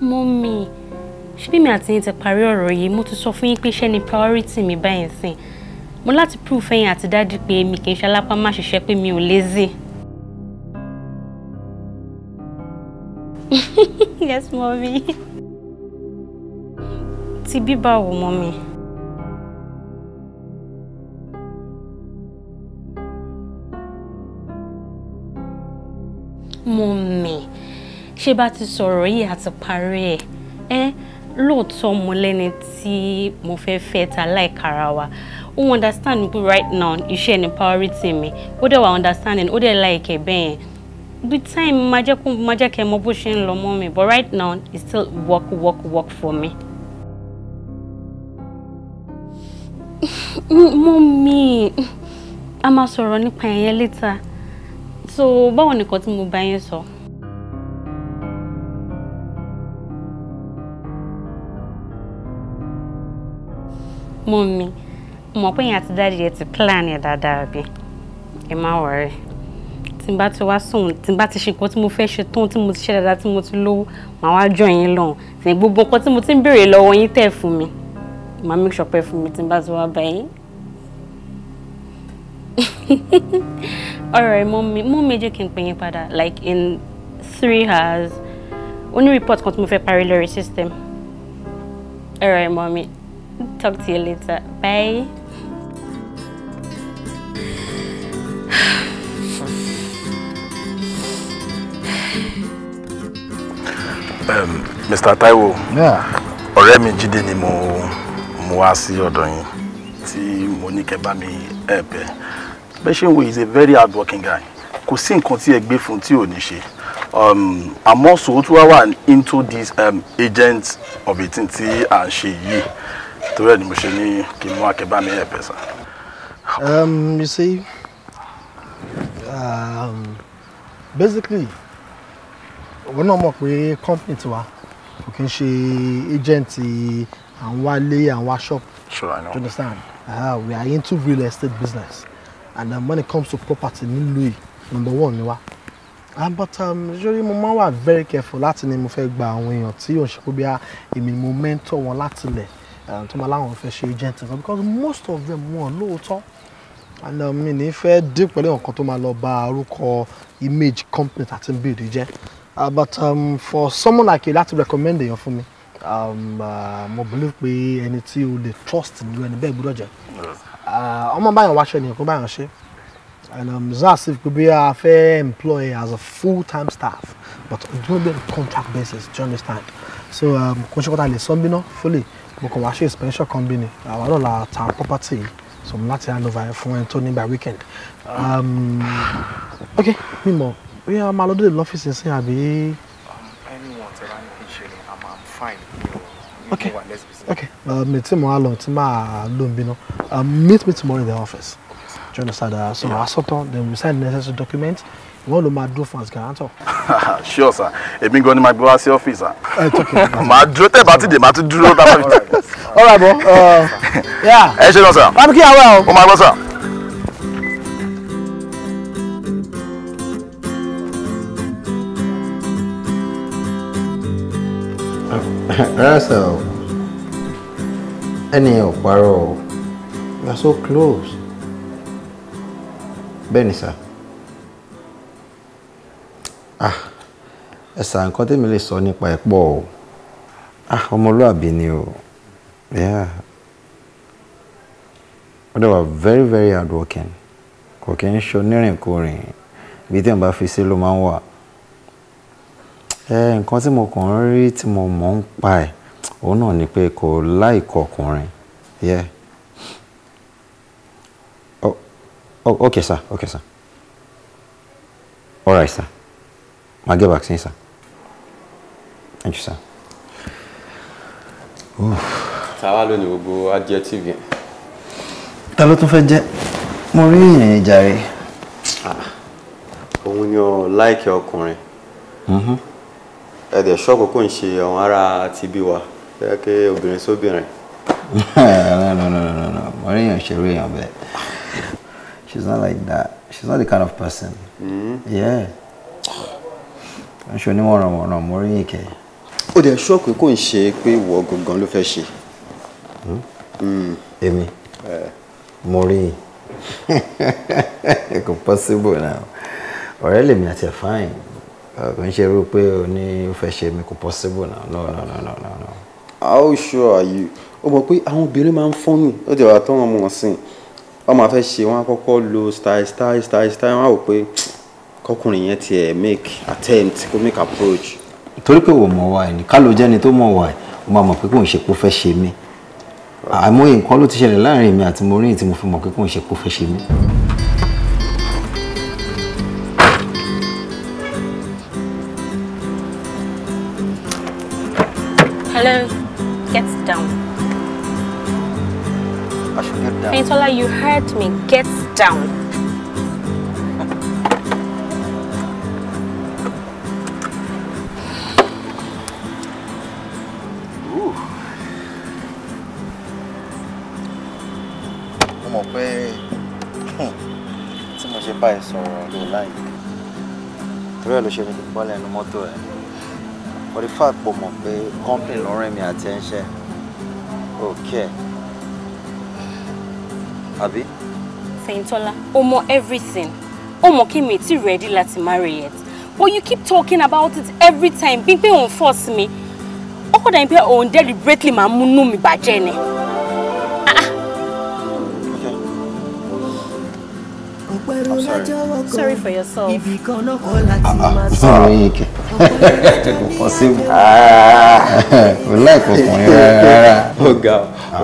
Mommy, ṣebí be me yín ti parí ọ̀rọ̀ yìí, mo ti sọ fún yín pé priority me báyìí sìn. Mo láti proof ẹ̀yin àti daddy pay me kì í ṣe alápá má ṣiṣẹ́ pé lazy. yes, mommy. àti bíbá wò mọ́ mi. mo mì ṣé bá ti sọ̀rọ̀ yìí àti parí ẹ̀ ẹ́ lóòótọ́ mo lẹ́ni tí mo fẹ́ fẹ́ ta láìkara wa ó understand me right now iṣẹ́ ni priority mi ó dẹ̀ wà understanding ó dẹ̀ láìkẹ̀ bẹ́ẹ̀ yẹn the time ma jẹ́ kó ma jẹ́ kẹ́ mọ bó ṣe ń lọ mọ́ mi but right now it's still work work work for me. Mummy, a máa sọ̀rọ̀ nípa ẹ̀yẹn later. So báwo nìkan tí mo bá yẹn sọ? Mummy, mọ̀ pé èèyàn àti dáàdì ẹ ti plan ẹ̀ dáadáa bí ẹ má worry tí n bá ti wá sùn tí n bá ti ṣe nǹkan tí mo fẹ́ ṣe tán tí mo ti ṣe dáadáa tí mo ti lówó màá wá jọ yín lọ́hùn ní gbogbo nǹkan tí mo ti ń béèrè lọ́wọ́ yín tẹ̀ fún mi màá make sure pé fún mi tí n bá ti wá bá alright mummy mummy jẹ́ kí n pè yín padà like in three hours Only ní report kan tí mo fẹ́ parí lórí system alright mommy. talk to you later bye. Um, Mr. Taiwo ọ̀rẹ́ mi Jídé ni mo mo wá sí ọ̀dọ̀ yín tí mo ní kẹ́ bá mi ẹ̀ẹ́pẹ́. Eh, Beshinwe is a very hardworking guy kò sí nǹkan tí ẹ gbé fún tí ò ní ṣe um, àmọ́ sòótú wá wà into this um, agent of eighteen tí à ń ṣe yìí torí ẹ̀ ni mo ṣe ní kí n mú akẹ́bá mi ẹ̀ pẹ̀sà. Um, you see um, basically òun náà mọ̀ pé company tiwa kò kí n ṣe agent àwọn wá lé àwọn wá shop sure, I know. understand uh, we are into real estate business and um, when it comes to property nílùú yìí number one ni wa and but ṣórí um, mo máa wà very careful láti ní mo fẹ́ gba àwọn èèyàn tí yóò ṣe pé bí èmi ni mo mentor wọn láti lẹ̀ um, tó máa láwọn fẹ́ ṣe agent nǹkan because most of them wọn lóòótọ́ and um, mi ní fẹ́ dín pẹ̀lú nǹkan tó máa lọ ba orúkọ image company tàti build jẹ́ uh, but um, for someone like you láti recommend èèyàn fún mi um, uh, mo believe pé ẹni tí o lè trust nínú ẹni bẹ́ẹ̀ gbọ́dọ̀ jẹ́. Ah, ọmọ báyọ̀ wáṣọ ni ẹ̀kọ́ báyọ̀ ṣe and um, zasif a afẹ́ employ as a full time staff but do it on contract basis do you understand so um, kò ṣe kọ́ta lè sọ bí náà fúlẹ̀ mo kàn wá ṣe expansion kan bí ni àwa náà la ta property so mo láti hand over fún ẹni tó ní by weekend um, ok mímọ bí a máa lọ dé lọ́fíìsì sí àbí. anyone tẹ́lá ní kí n i'm fine. ok. Okay. Uh, me team alone, team alone, um, meet me tomorrow in the office. Do you understand? Uh, so yeah. on, then we sign necessary documents. One of my dúró fún àsìkò àrántọ̀. Sure sir, èmi gan ni màá gbé wá sí ọ́fíìsì. My tọ́kì. Màá dúró tẹ̀ bá do dè, màá tún dúró dábàá mi. Ọ̀rọ̀ àbọ̀. Uh, sir. Wọ́n á kí àwọn ẹ̀ o. Ó sir. Rárá sir ẹni ò parọ́ o you are so close bẹ́ẹ̀ ni sà ah ẹ̀sà nǹkan tẹ́mi lè sọ nípa ẹ̀ pọ̀ o ah ọmọlúàbí ni o yeah ó dẹ̀ very very hard working kò kí ń ṣe onírìnkúrìn ibi tí n bá fi sí ló máa ń wà ẹ eh, nǹkan tí mo kàn ń rí tí mo mọ̀ ń pa ẹ̀ òun náà ni pé kò láìkọ ọkùnrin yeah oh, oh, okay sir okay sir all right sir ma get vaccine sir thank you sir. tàwa ló ní gbogbo adjective yẹn. ta ló tún fẹ́ jẹ́ mo rí ìyẹn jàre. Ah, òun ni ọ láìkẹ́ ọkùnrin mm-hmm. ẹ̀dẹ̀ ṣọ́ọ̀kù kò ń ṣe àwọn ará tibí wa bẹ́ẹ̀ kí obìnrin sóbìnrin. no no no no no Marian ṣeré èèyàn bẹ́ẹ̀ she's not like that she's not the kind of person. Mm. yeah n ṣe onímọ̀ràn Moriyan kẹ́. ó dẹ̀ ṣọ́ọ̀kì kò ń ṣe pé ìwọ gangan ló fẹ́ ṣe. Hmm? Mm. èmi eh. Moriyan kò possible now ọ̀rẹ́ lèmi àti ẹ̀ fine kò ń ṣe irú pé o ní o fẹ́ ṣe mi kò possible now no no no no no. no how sure are you ó mọ̀ pé àwọn obìnrin máa ń fọ́nù ó jẹ́ wà tó wọn mọ̀ sí i wọ́n máa fẹ́ ṣe wọ́n á kọ́kọ́ lo style style style style wọ́n á wò pé kọkùnrin yẹn tiẹ̀ make attempt kó make approach. torí pé wò mọ̀ wá ẹ̀ ní kálọ̀ jẹ́ni tó mọ̀ wá ẹ̀ ó máa mọ̀ pé kò ń ṣe kó fẹ́ ṣe mí àìmọye nǹkan ló ti ṣẹlẹ̀ láàrin mi àti Maureen tí mo fi mọ̀ pé kò ń ṣe kó fẹ́ ṣe mí. Hello get down. I should get down. Faintola, you hurt me. Get down. mo mọ̀ pé hmm, tí mo ṣe bá ẹ sọ̀rọ̀ ló láyé torí a ló ṣe ní kí for the fact pọ̀ mọ̀ pé company lọ́rọ̀ mi àti ẹ̀ ń ṣe okay àbí. Fẹ́yìntọ́lá o mọ everything Omo, mọ kí ready láti marry yet but you keep talking about it every time Bimpe pé force me. Oko da dàbí on òun deliberately ma múnú mi bàjẹ́ ni. Ah, ah. I'm sorry. Sorry for yourself. Uh, uh, kò pọ̀ sí mi kò láìkọ̀kùn yẹn rárá. ọ̀gá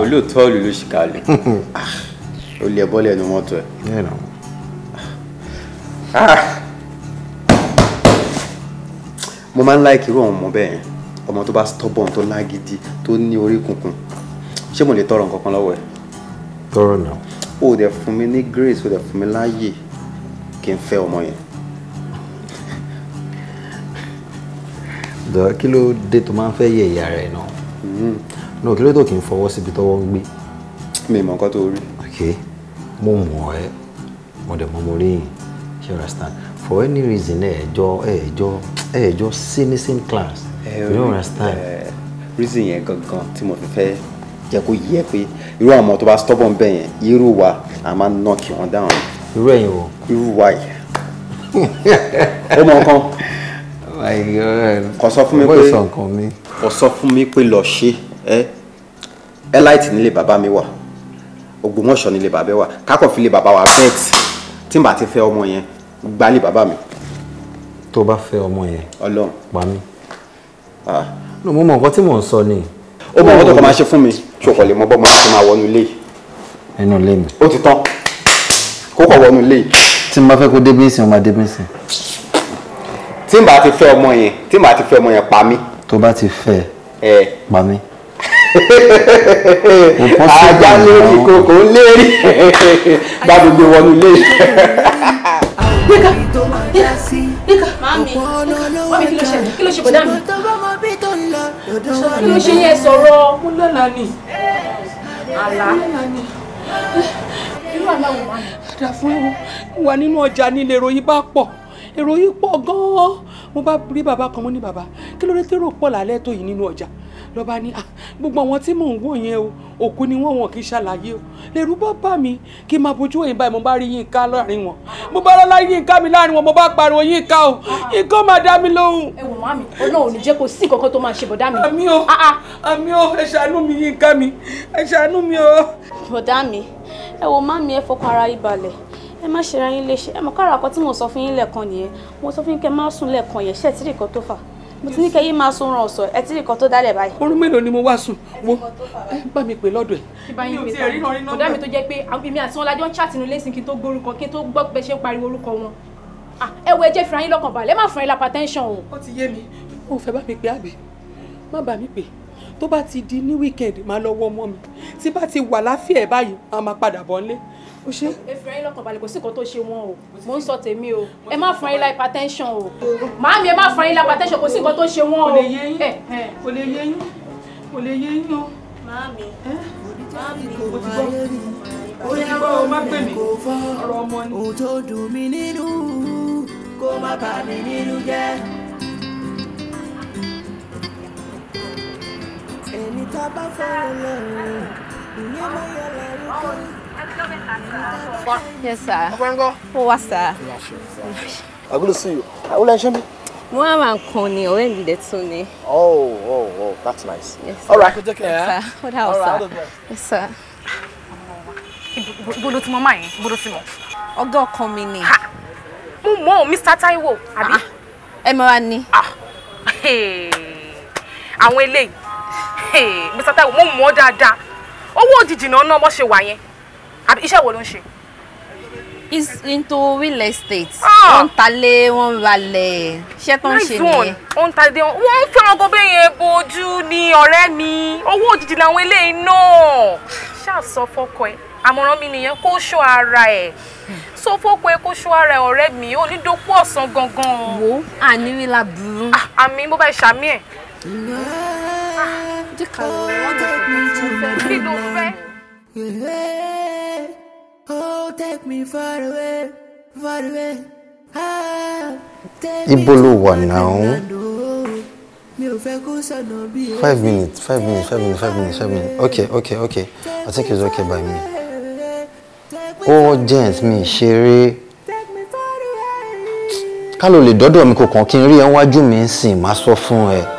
olóòótọ́ ìlú ló ṣìkàlẹ̀ ó lè bọ́lẹ̀ ní mọ́tò ẹ̀. Ah, mo máa ń láìkì irú àwọn ọmọ bẹ́ẹ̀ yẹn ọmọ tó bá stubborn tó lágídí tó ní orí kunkun ṣé mo lè tọrọ nǹkan kan lọ́wọ́ ẹ̀. tọrọ náà. o dẹ̀ fún mi ní grace o dẹ̀ fún mi láàyè kí n fẹ́ ọmọ yẹn. dọ̀ kí ló dé tó máa ń fẹ́ yẹ ìyá rẹ̀ náà hmm. náà kí ló tó kì í fọwọ́ síbi tọ́wọ́ ń gbé. mi mọ̀ nǹkan tó rí. mo mọ̀ ẹ́ mo dẹ̀ mọ́ mo rí yìn ṣe understand for any reason ẹ̀ẹ́jọ́ ẹ̀ẹ́jọ́ ẹ̀ẹ́jọ́ sí ní same class you understand. reason yẹn gangan tí mo fi fẹ́ jẹ́ kó yẹ pé irú àwọn ọmọ tó bá stubborn bẹ́ẹ̀ yẹn irú wa a máa knock wọn down. irú ẹ̀yin o. irú wa yìí. ó mọ nǹkan. kò eh, sọ fún mi pé kò sọ fún mi pé lọ ṣe ẹ elite nílé bàbá mi wà Ògbómọ̀ṣọ́ nílé bàbá wà kákọ̀ fi lè bàbá wa bet tí n bá ti fẹ́ ọmọ yẹn gbálé bàbá mi. tó bá fẹ́ ọmọ yẹn Ọlọ́run pa mí. Ah. mo mọ nǹkan tí mò ń sọ ni. ó mọ nǹkan tó kọ máa ṣe fún mi ṣòkò lè mọ bọ́ máa ṣe máa wọnú ilé. ẹnu ilé mi. ó ti tán kó wọnú ilé. tí n bá fẹ́ kó débí ìsìn ó máa débí ìsìn tí n bá ti fẹ́ ọmọ yẹn tí n bá ti fẹ́ ọmọ yẹn pa mí. tó bá ti fẹ́ ẹ pa mí. ajá lórí kòkó lérí gbàdúgbò wọnú lé. kí ló ṣe kí sọ̀rọ̀? Mo lọ́la ni. Àlá. Irú àlá wo wà nínú ọjà nílé ìròyìn bá pọ̀ èrò yìí pọ̀ gan-an mo bá rí bàbá kan mo ní bàbá kí ló dé tèrò pọ̀ lálẹ́ tó yìí nínú ọjà lọ́ba ni ah, gbogbo àwọn tí mò ń wò yẹn o òkú ni wọ́n wọ̀n kì í ṣàlàyé o lẹ́rù bá bà mí kí n máa bójú òyìn báyìí mo bá rí Yínká láàrin wọn mo bá lọ́la Yínká mi láàrin wọn mo bá pariwo Yínká o Yínká máa dá mi lóhùn. ẹ wò má mi Ọlọ́run ò ní jẹ́ kó sí kankan tó máa ṣe bọ̀dá mi. àmì o ah, ah. àmì o ẹ ṣàánú mi Yínká mi ẹ ṣàánú mi o. bọ̀dá mi ẹ wò má mi ẹ fọkàn ara yín balẹ̀ ẹ má ṣe ra yín léṣe ẹ mọ̀ kára kan tí mo sọ fún yín lẹ́ẹ̀kan nìyẹn mo sọ fún yín kẹ́ má sùn lẹ́ẹ̀kan yẹn ṣé ẹ ti rí nǹkan tó fà mo ti ní kẹ́ yín máa sunran ọ̀sọ̀ ẹ ti rí nǹkan tó dálẹ̀ báyìí. orun mélòó ni mo wá sùn wo ẹ bá mi pè lọ́dọ̀ ẹ̀. mi ò tiẹ̀ ríran rí nọ́mbà. kódà mi tó jẹ́ pé èmi àti wọn lájọ́ ń ṣàtìnú lẹ́sìn kí n tó gbórúkọ kí n tó gbọ́ pé ṣe ń pariwo orúkọ wọn. ẹ wo ẹjẹ́ fìrà yín lọ́kàn balẹ̀ má fún ẹ lápá tẹ́ńṣọ̀n o. ó ti yé mi ó fẹ́ bá mi pè àbí má bá mi pè tó bá ti di ní weekend máa lọ wọ ọmọ mi tí bá ti wà láfíà báyìí máa máa padà bọ̀ nílé o ṣe. efirẹ yín lọ́kàn balẹ̀ kò sí nǹkan tó ṣe wọn o mò ń sọ tèmi o ẹ má fún yín hypertension o màámi ẹ má fún yín hypertension kò sí nǹkan tó ṣe wọn o. kò lè yé yín eh, eh. kò lè yé yín kò lè yé yín o. màámi eh? màámi kò máa yé mi. ó yẹ kó o pè mí ọ̀rọ̀ ọmọ ni. òtò dùn mí nínú kó má bà mí nínú jẹ́. tá a bá fọ̀rọ̀ lẹ́rìn ìyẹn máa yọ lẹ́rìn kan. Yes, sir. Ó wá sá. I'm going to see you. Ah, ó lẹ́ ṣe me. Mo wá máa ń kan ni ọ̀rẹ́ mi dẹ̀ tún ni. Oh, oh, oh, that's nice. Yes, sir. All right. Yes, sir. Ó dà ọ̀ sá. Yes, sir. Bó ló ti mọ máa yẹn? Bó ló ti mọ? Ọ̀gá ọkọ mi ni. Mo mọ̀ Mr. Taiwo, àbí? Ah, ẹ mọ́ra ni. Ah, Àwọn eléyìí. Mr. Taiwo mo mọ̀ dáadáa owó òjijì náà ná bó ṣe wà yẹn àbí iṣẹ́ wo ló ń ṣe. is into real estate. Ah. wọ́n ń talé wọ́n ń ralẹ̀ iṣẹ́ tó ń ṣe nìyẹn. wọ́n ń talé wọ́n ń fẹ́ràn gọ́bẹ́ yẹn bojú ni ọ̀rẹ́ mi owó òjijì làwọn eléyìí náà ṣáà sọ fọ́kọ ẹ̀ àmọ̀ràn mi nìyẹn kó ṣọ́ ara ẹ̀ sọ fọ́pọ̀ ẹ kó ṣọ́ ara ẹ̀ ọ̀rẹ́ mi ò ní dopó ọ̀sán gangan. wo àníwí la burú. Ah, àmì bó bá ṣàmì ẹ̀ jẹ́ ká wọ́n jẹ́ ìfẹ́ kí ló fẹ́. Oh, take me far away, far away. Ah, Ibo ló wà náà. Five minutes, five minutes, five minutes, five minutes, five minutes. Okay, okay, okay. I think it's okay by me. Oh, gents, mi ṣeré. Ká ló lè dọ́dọ̀ mi kò kàn kí n rí ẹ wájú mi ń sìn, máa sọ fún ẹ.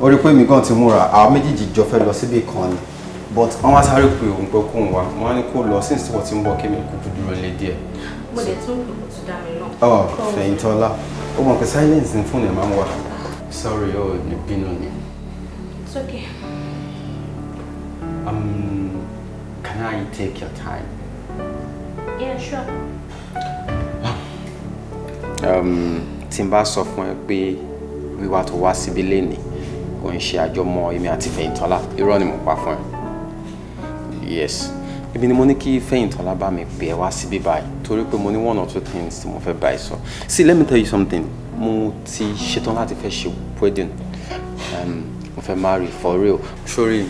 ó rí pé mi gan ti múra àwọn méjèèjì jọ fẹ́ lọ síbi kan ni but wọ́n wá sáré pé òun pé kóun wá wọ́n á ní kó lọ sí ìsìnkú tí ń bọ̀ kémi kúkú dúró lé díẹ̀. mo lè tún kò tún dá mi náà. ọ oh, Fẹ́yìntọ́lá ó mọ̀ pé silence ní fóònù ẹ̀ máa ń wà sorry ó ní bínú ni. it's okay. Um, can I take your time? yeah sure. um, tí n bá sọ fún ẹ pé wíwá tó wá síbi lénìí kò ń ṣe àjọmọ èmi àti fẹ̀yìntọ́lá irọ́ ni mo pa fún ẹ yes èmi ni mo ní kí fẹ̀yìntọ́lá bá mi pè ẹ́ wá síbí báyìí torí pé mo ní one or two things tí mo fẹ́ bá ẹ sọ see let me tell you something mo ti ṣetán láti fẹ́ ṣe wedding ehm, mo fẹ́ marry for real sorry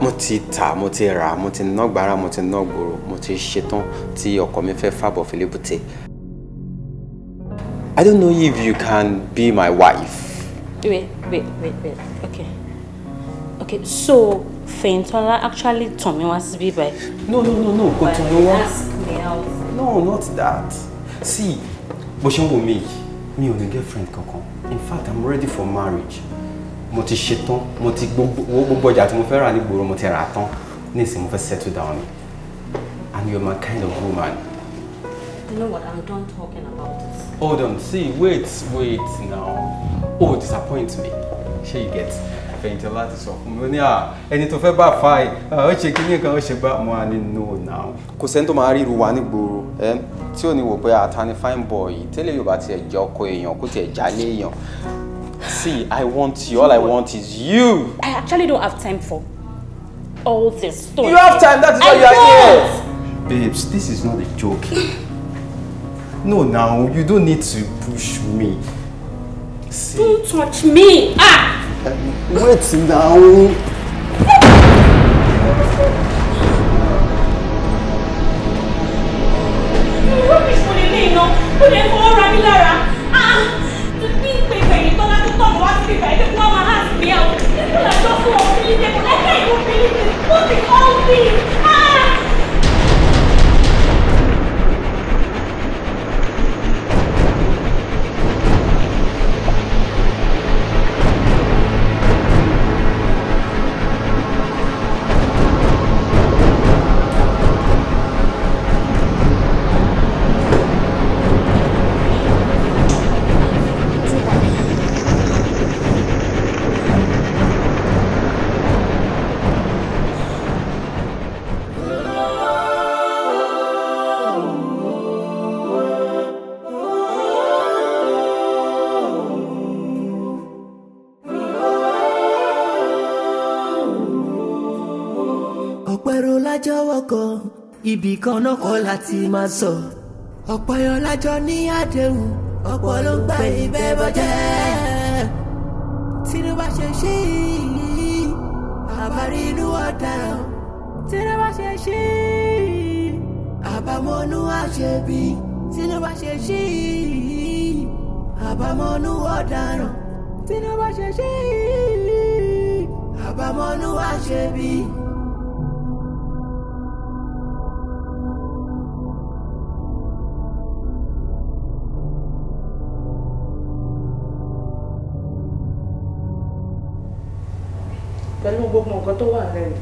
mo ti tà mo ti rà mo ti ná gbàrà mo ti ná gbòòrò mo ti ṣetán tí ọkọ mi fẹ́ fàbọ̀ filibute I don't know if you can be my wife. Yeah wait, wait, wait. Okay. Okay, so Feintola actually Tommy wants to be by. No, no, no, no. But ask me out. No, not that. See, but ṣe ń wò mí, mi ò girlfriend kankan. In fact, I'm ready for marriage. Moti sheton, moti. mo ti gbogbo ọjà tí mo fẹ́ rà ní gbòòrò mo ti rà mo fẹ́ settle down And you're my kind of woman. You know what? I'm done talking about this. Hold on. See, wait, wait now. Oh, disappoint me ṣé you get fẹ̀yìntì láti sọ fún mi ó ní à ẹni tó fẹ́ bá fa ẹ̀ ó ṣe kí ní nǹkan ó ṣe gbá mọ́ àní no now. kò sẹ́ni tó máa rí irú wa nígboro ẹ tí ò ní wò pé àtàní fine boy tẹ́lẹ̀ yóò bá tiẹ̀ jẹ́ ọkọ èèyàn kó tiẹ̀ jálé èèyàn see i want you all i want is you. i actually don't have time for all this story. you have time that is why I you are here. babes this is not a joke no now you don't need to push me. Don't touch me. Ah! wait now. ibì kan náà kọ́ láti máa sọ. ọ̀pọ̀ èèyàn lájọ ní àdéhùn ọ̀pọ̀ ló ń gba ibẹ̀ bọ́jẹ́. tinubu ṣe ṣe yìí àbárí inú ọ̀daràn. tinubu ṣe ṣe yìí àbámọ́nú àṣebí. tinubu ṣe ṣe yìí àbámọ́nú ọ̀daràn. tinubu ṣe ṣe yìí àbámọ́nú àṣebí. pẹ̀lú gbogbo nǹkan tó wà lẹ́nu.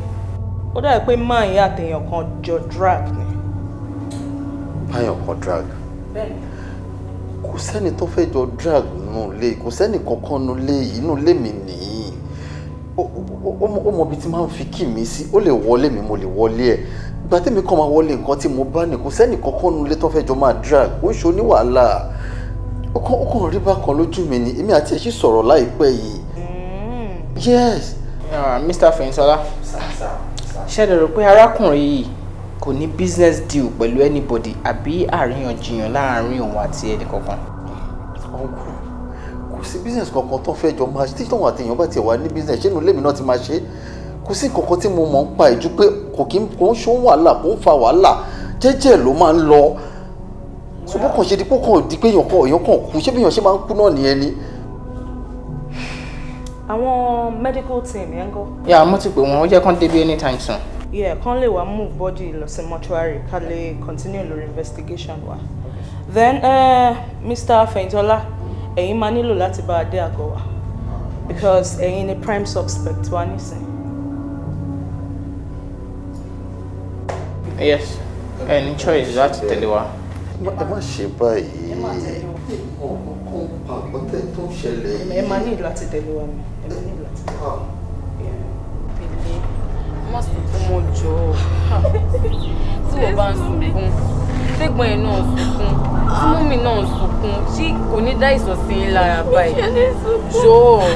ó dàbí pé máa ń yá àtẹ̀yàn kan jọ drag ni. báyọ̀ kan drag. bẹ́ẹ̀ni. kò sẹ́ni tó fẹ́ jọ drag nù lé kò sẹ́ni kankan nù lé yìí nù lé mi nìyí ó mọ ibi tí máa ń fi kì mí sí ó lè wọlé mi mo lè wọlé ẹ̀ ìgbà tẹ́mi kàn máa wọlé nǹkan tí mo bá ní kò sẹ́ni kankan nù lé tó fẹ́ jọ máa drag ó ń ṣe oníwàhálà ó kàn rí bákan lójú mi ni èmi àti ẹ̀ sì sọ̀rọ̀ láìpẹ́ yìí mm. yes Ah, Mr. Fẹ́yìntọ́lá ṣé ẹ rò pé arákùnrin yìí kò ní business deal pẹ̀lú anybody àbí àríyànjiyàn láàrin òun àti ẹnì kankan. ọ̀gùn kò sí business kankan tó fẹ́ jọ máa ṣe tí tóun àti èèyàn bá tiẹ̀ wá ní business ṣé inú lèmi náà ti máa ṣe kò sí kankan tí mo mọ̀ ń pa ìjú pé kò kí kò ń ṣó wàhálà kò ń fa wàhálà jẹ́jẹ́ ló máa ń lọ ṣùgbọ́n kàn ṣe dípò kàn di pé èèyàn kàn kú ṣé bí èèyàn ṣe máa ń kú náà nìyẹn ni. Yeah àwọn medical team yẹn ń kọ́. yà mo ti pè wọ́n ó jẹ́ kán débi anytime soon. yeah kán lè wá move body lọ sí mortuary ká lè continue lórí investigation wa then uh, eh, Mr. Fẹ̀yìntọ́lá ẹ̀yin máa nílò láti bá a dé àgọ́ wa because ẹ̀yin ni prime suspect wa nísìnyí. yes ẹ choice láti tẹ̀lé wa. ẹ má ṣe báyìí. ẹ má tẹ̀lé wa. ọ̀kọ̀ọ̀kan àgbọ̀tẹ̀ tó ń ṣẹlẹ̀ yìí. ẹ má ní láti tẹ̀lé wa mi. Bèlè, má sunkún mọ́ jọ ọ́. Tí wọ́n bá ń sunkún, ṣégbọ́n ẹ̀ náà sunkún, tí mọ́mì náà sunkún, ṣé kò ní dá ìsọ̀sí yín lára báyìí? Jọ ọ́.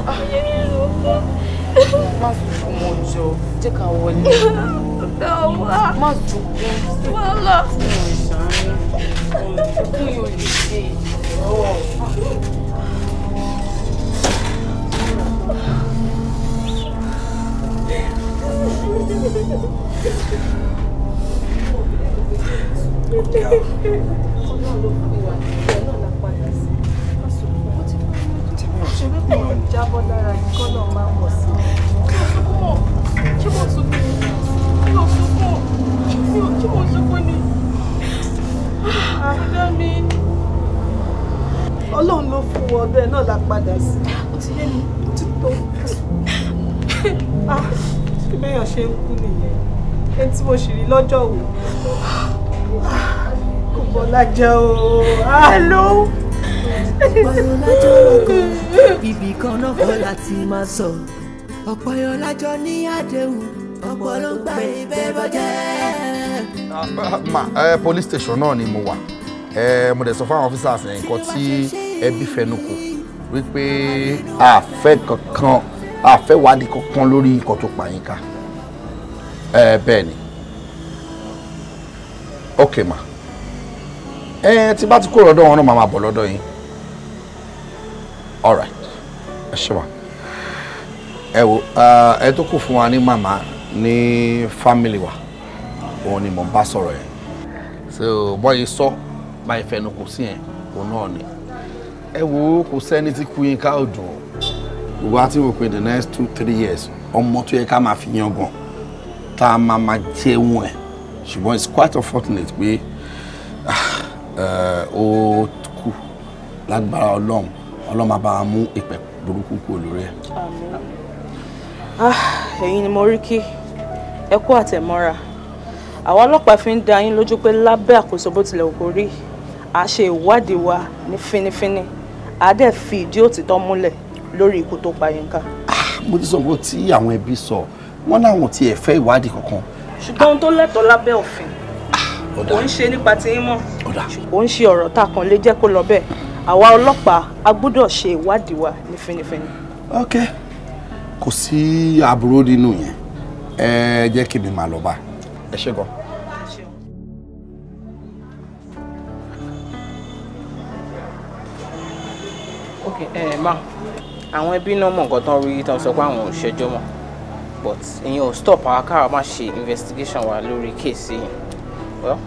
Má sunkún mọ́ jọ, jẹ́ ká wọlé. Má sunkún. yìí lọ́jọ́ wo kò bọ́lá jẹ́ o àlọ́. ọ̀pọ̀yọ̀lájọ́ ibì kan náà kọ́ láti máa sọ ọ̀pọ̀yọ̀lájọ́ ní àdéhùn ọ̀pọ̀ ló ń gbà ibẹ̀ bọ́jẹ́. ma police station náà ni mo wà mo dẹ̀ sọ fáwọn officers nǹkan tí ẹbí fẹnu kò wípé àfẹ́ kankan àfẹ́wádìí kankan lórí ikọ̀ tó pààyàn ká bẹ́ẹ̀ ni ok ma ẹ ti bá ti kúrò lọ́dọ̀ wọn náà máa máa bọ̀ yín all right ẹ ṣe wa ẹ wo ẹ tó kù fún wa ní màmá ní family wa òun ni mò ń bá sọ̀rọ̀ yẹn so bọ́yì sọ báyìí fẹnu kò sí yẹn òun náà ni ẹ wo kò sẹ́ni tí kú yín ká ò dùn gbogbo àti wò pé the next two three years ọmọ tó yẹ ká máa fi yan gan tá a máa máa jẹun ẹ̀ ṣùgbọ́n it's quite unfortunate pé ah, eh, ó kú lágbára ọlọ́run ọlọ́run máa bá a mú ìpẹ́ burúkú kú olórí ẹ̀. Ah, ẹ̀yin ni mo rí kí ẹ kú àtẹ̀mọ́ra àwa ọlọ́pàá fi ń da yín lójú pé lábẹ́ àkóso bó tilẹ̀ kò rí a ṣe ìwádìí wa ní finifini a dẹ̀ fi ìdí òtítọ́ múlẹ̀ lórí ikú tó pa Yínká. Ah, mo ti sọ pé tí àwọn ẹbí sọ wọn láwọn tiẹ̀ fẹ́ ìwádìí kankan ṣùgbọ́n ohun tó lẹ́tọ̀ọ́ lábẹ́ òfin ah, kò ń ṣe nípa ti yín mọ́ kò ń ṣe ọ̀rọ̀ tá a kàn lè jẹ́ kó lọ bẹ́ẹ̀ àwa ọlọ́pàá a gbọ́dọ̀ ṣe ìwádìí wa ní finifini. ok kò sí aburú nínú yẹn ẹ jẹ́ kí mi máa lọ bá ẹ ṣe gan. ok ẹ ẹ ma àwọn ẹbí náà mọ̀ nǹkan tán rí tán sọ pé àwọn ò ṣẹjọ́ mọ́ but ìyẹn ò stop àwọn akára máa ṣe investigation wa lórí case? yìí well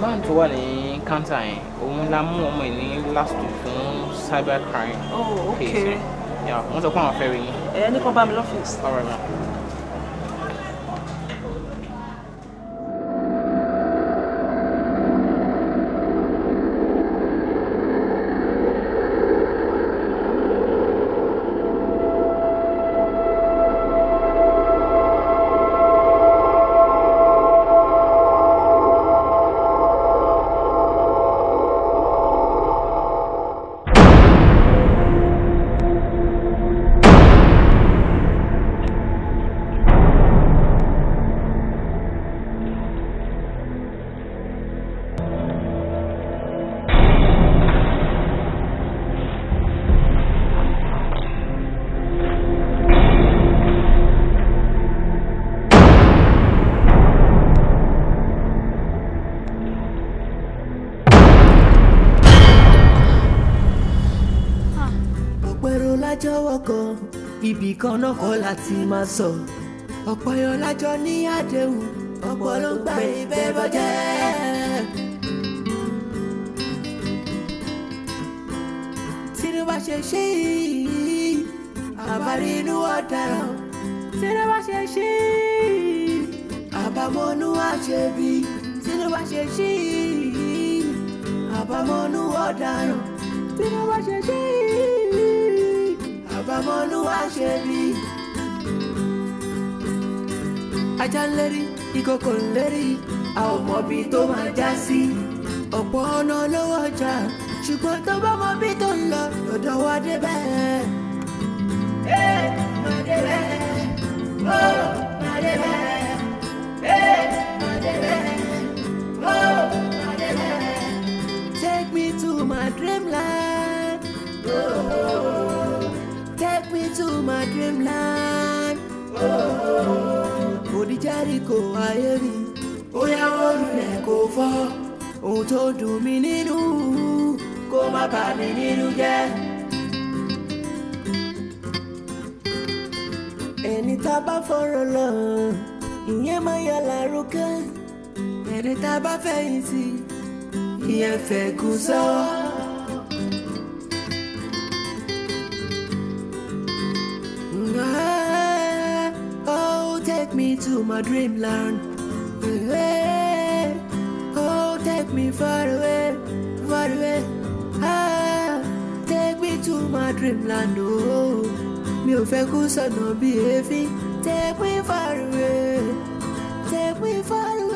man to one in kanta yẹn òun la mú ọmọ yìí last week fún cyber crime. oh okay. wọ́n sọ pé àwọn ferry? Any yín. ẹ ní all right ma'am. ibì kan náà kọ́ láti máa sọ ọ̀pọ̀ èèyàn lájọ ní àdéhùn ọ̀pọ̀ ló ń gbà ibẹ̀ bọ́jẹ́. tinubu ṣe ṣe yìí àbárí inú ọ̀daràn tinubu ṣe ṣe yìí àbámọ́nú àṣebí tinubu ṣe ṣe yìí àbámọ́nú ọ̀daràn tinubu ṣe ṣe yìí bàmọ́lúwa ṣe bí. ajá ń lérí ìkòkò ń lérí a ò mọbi tó máa já sí. ọ̀pọ̀ ọ̀nà lówó ọjà ṣùgbọ́n tó bá mọbi tó ń lọ lọ́dọ̀ wa débẹ̀. ẹ má débẹ̀ ó má débẹ̀ ẹ má débẹ̀ ó má débẹ̀. take me to my dreamland. Oh, oh, oh my dreamland. Odi Jericho ayé mi, ó yá wọ́n lulẹ̀ kó fọ́. Ohun tó dùn mí nínú kó má bà mí nínú jẹ́. Ẹni tá a bá fọ̀rọ̀ lọ, ìyẹn máa yọ lárúkẹ́. Ẹni tá a bá fẹ̀yìntì, ìyẹn fẹ́ kú sọ́wọ́. take me to my dreamland. Yeah. Oh, take me far away, far away. Ah, take me to my dreamland. Oh, Me ò fẹ́ kú sọ̀nà Take me far away, take me far away.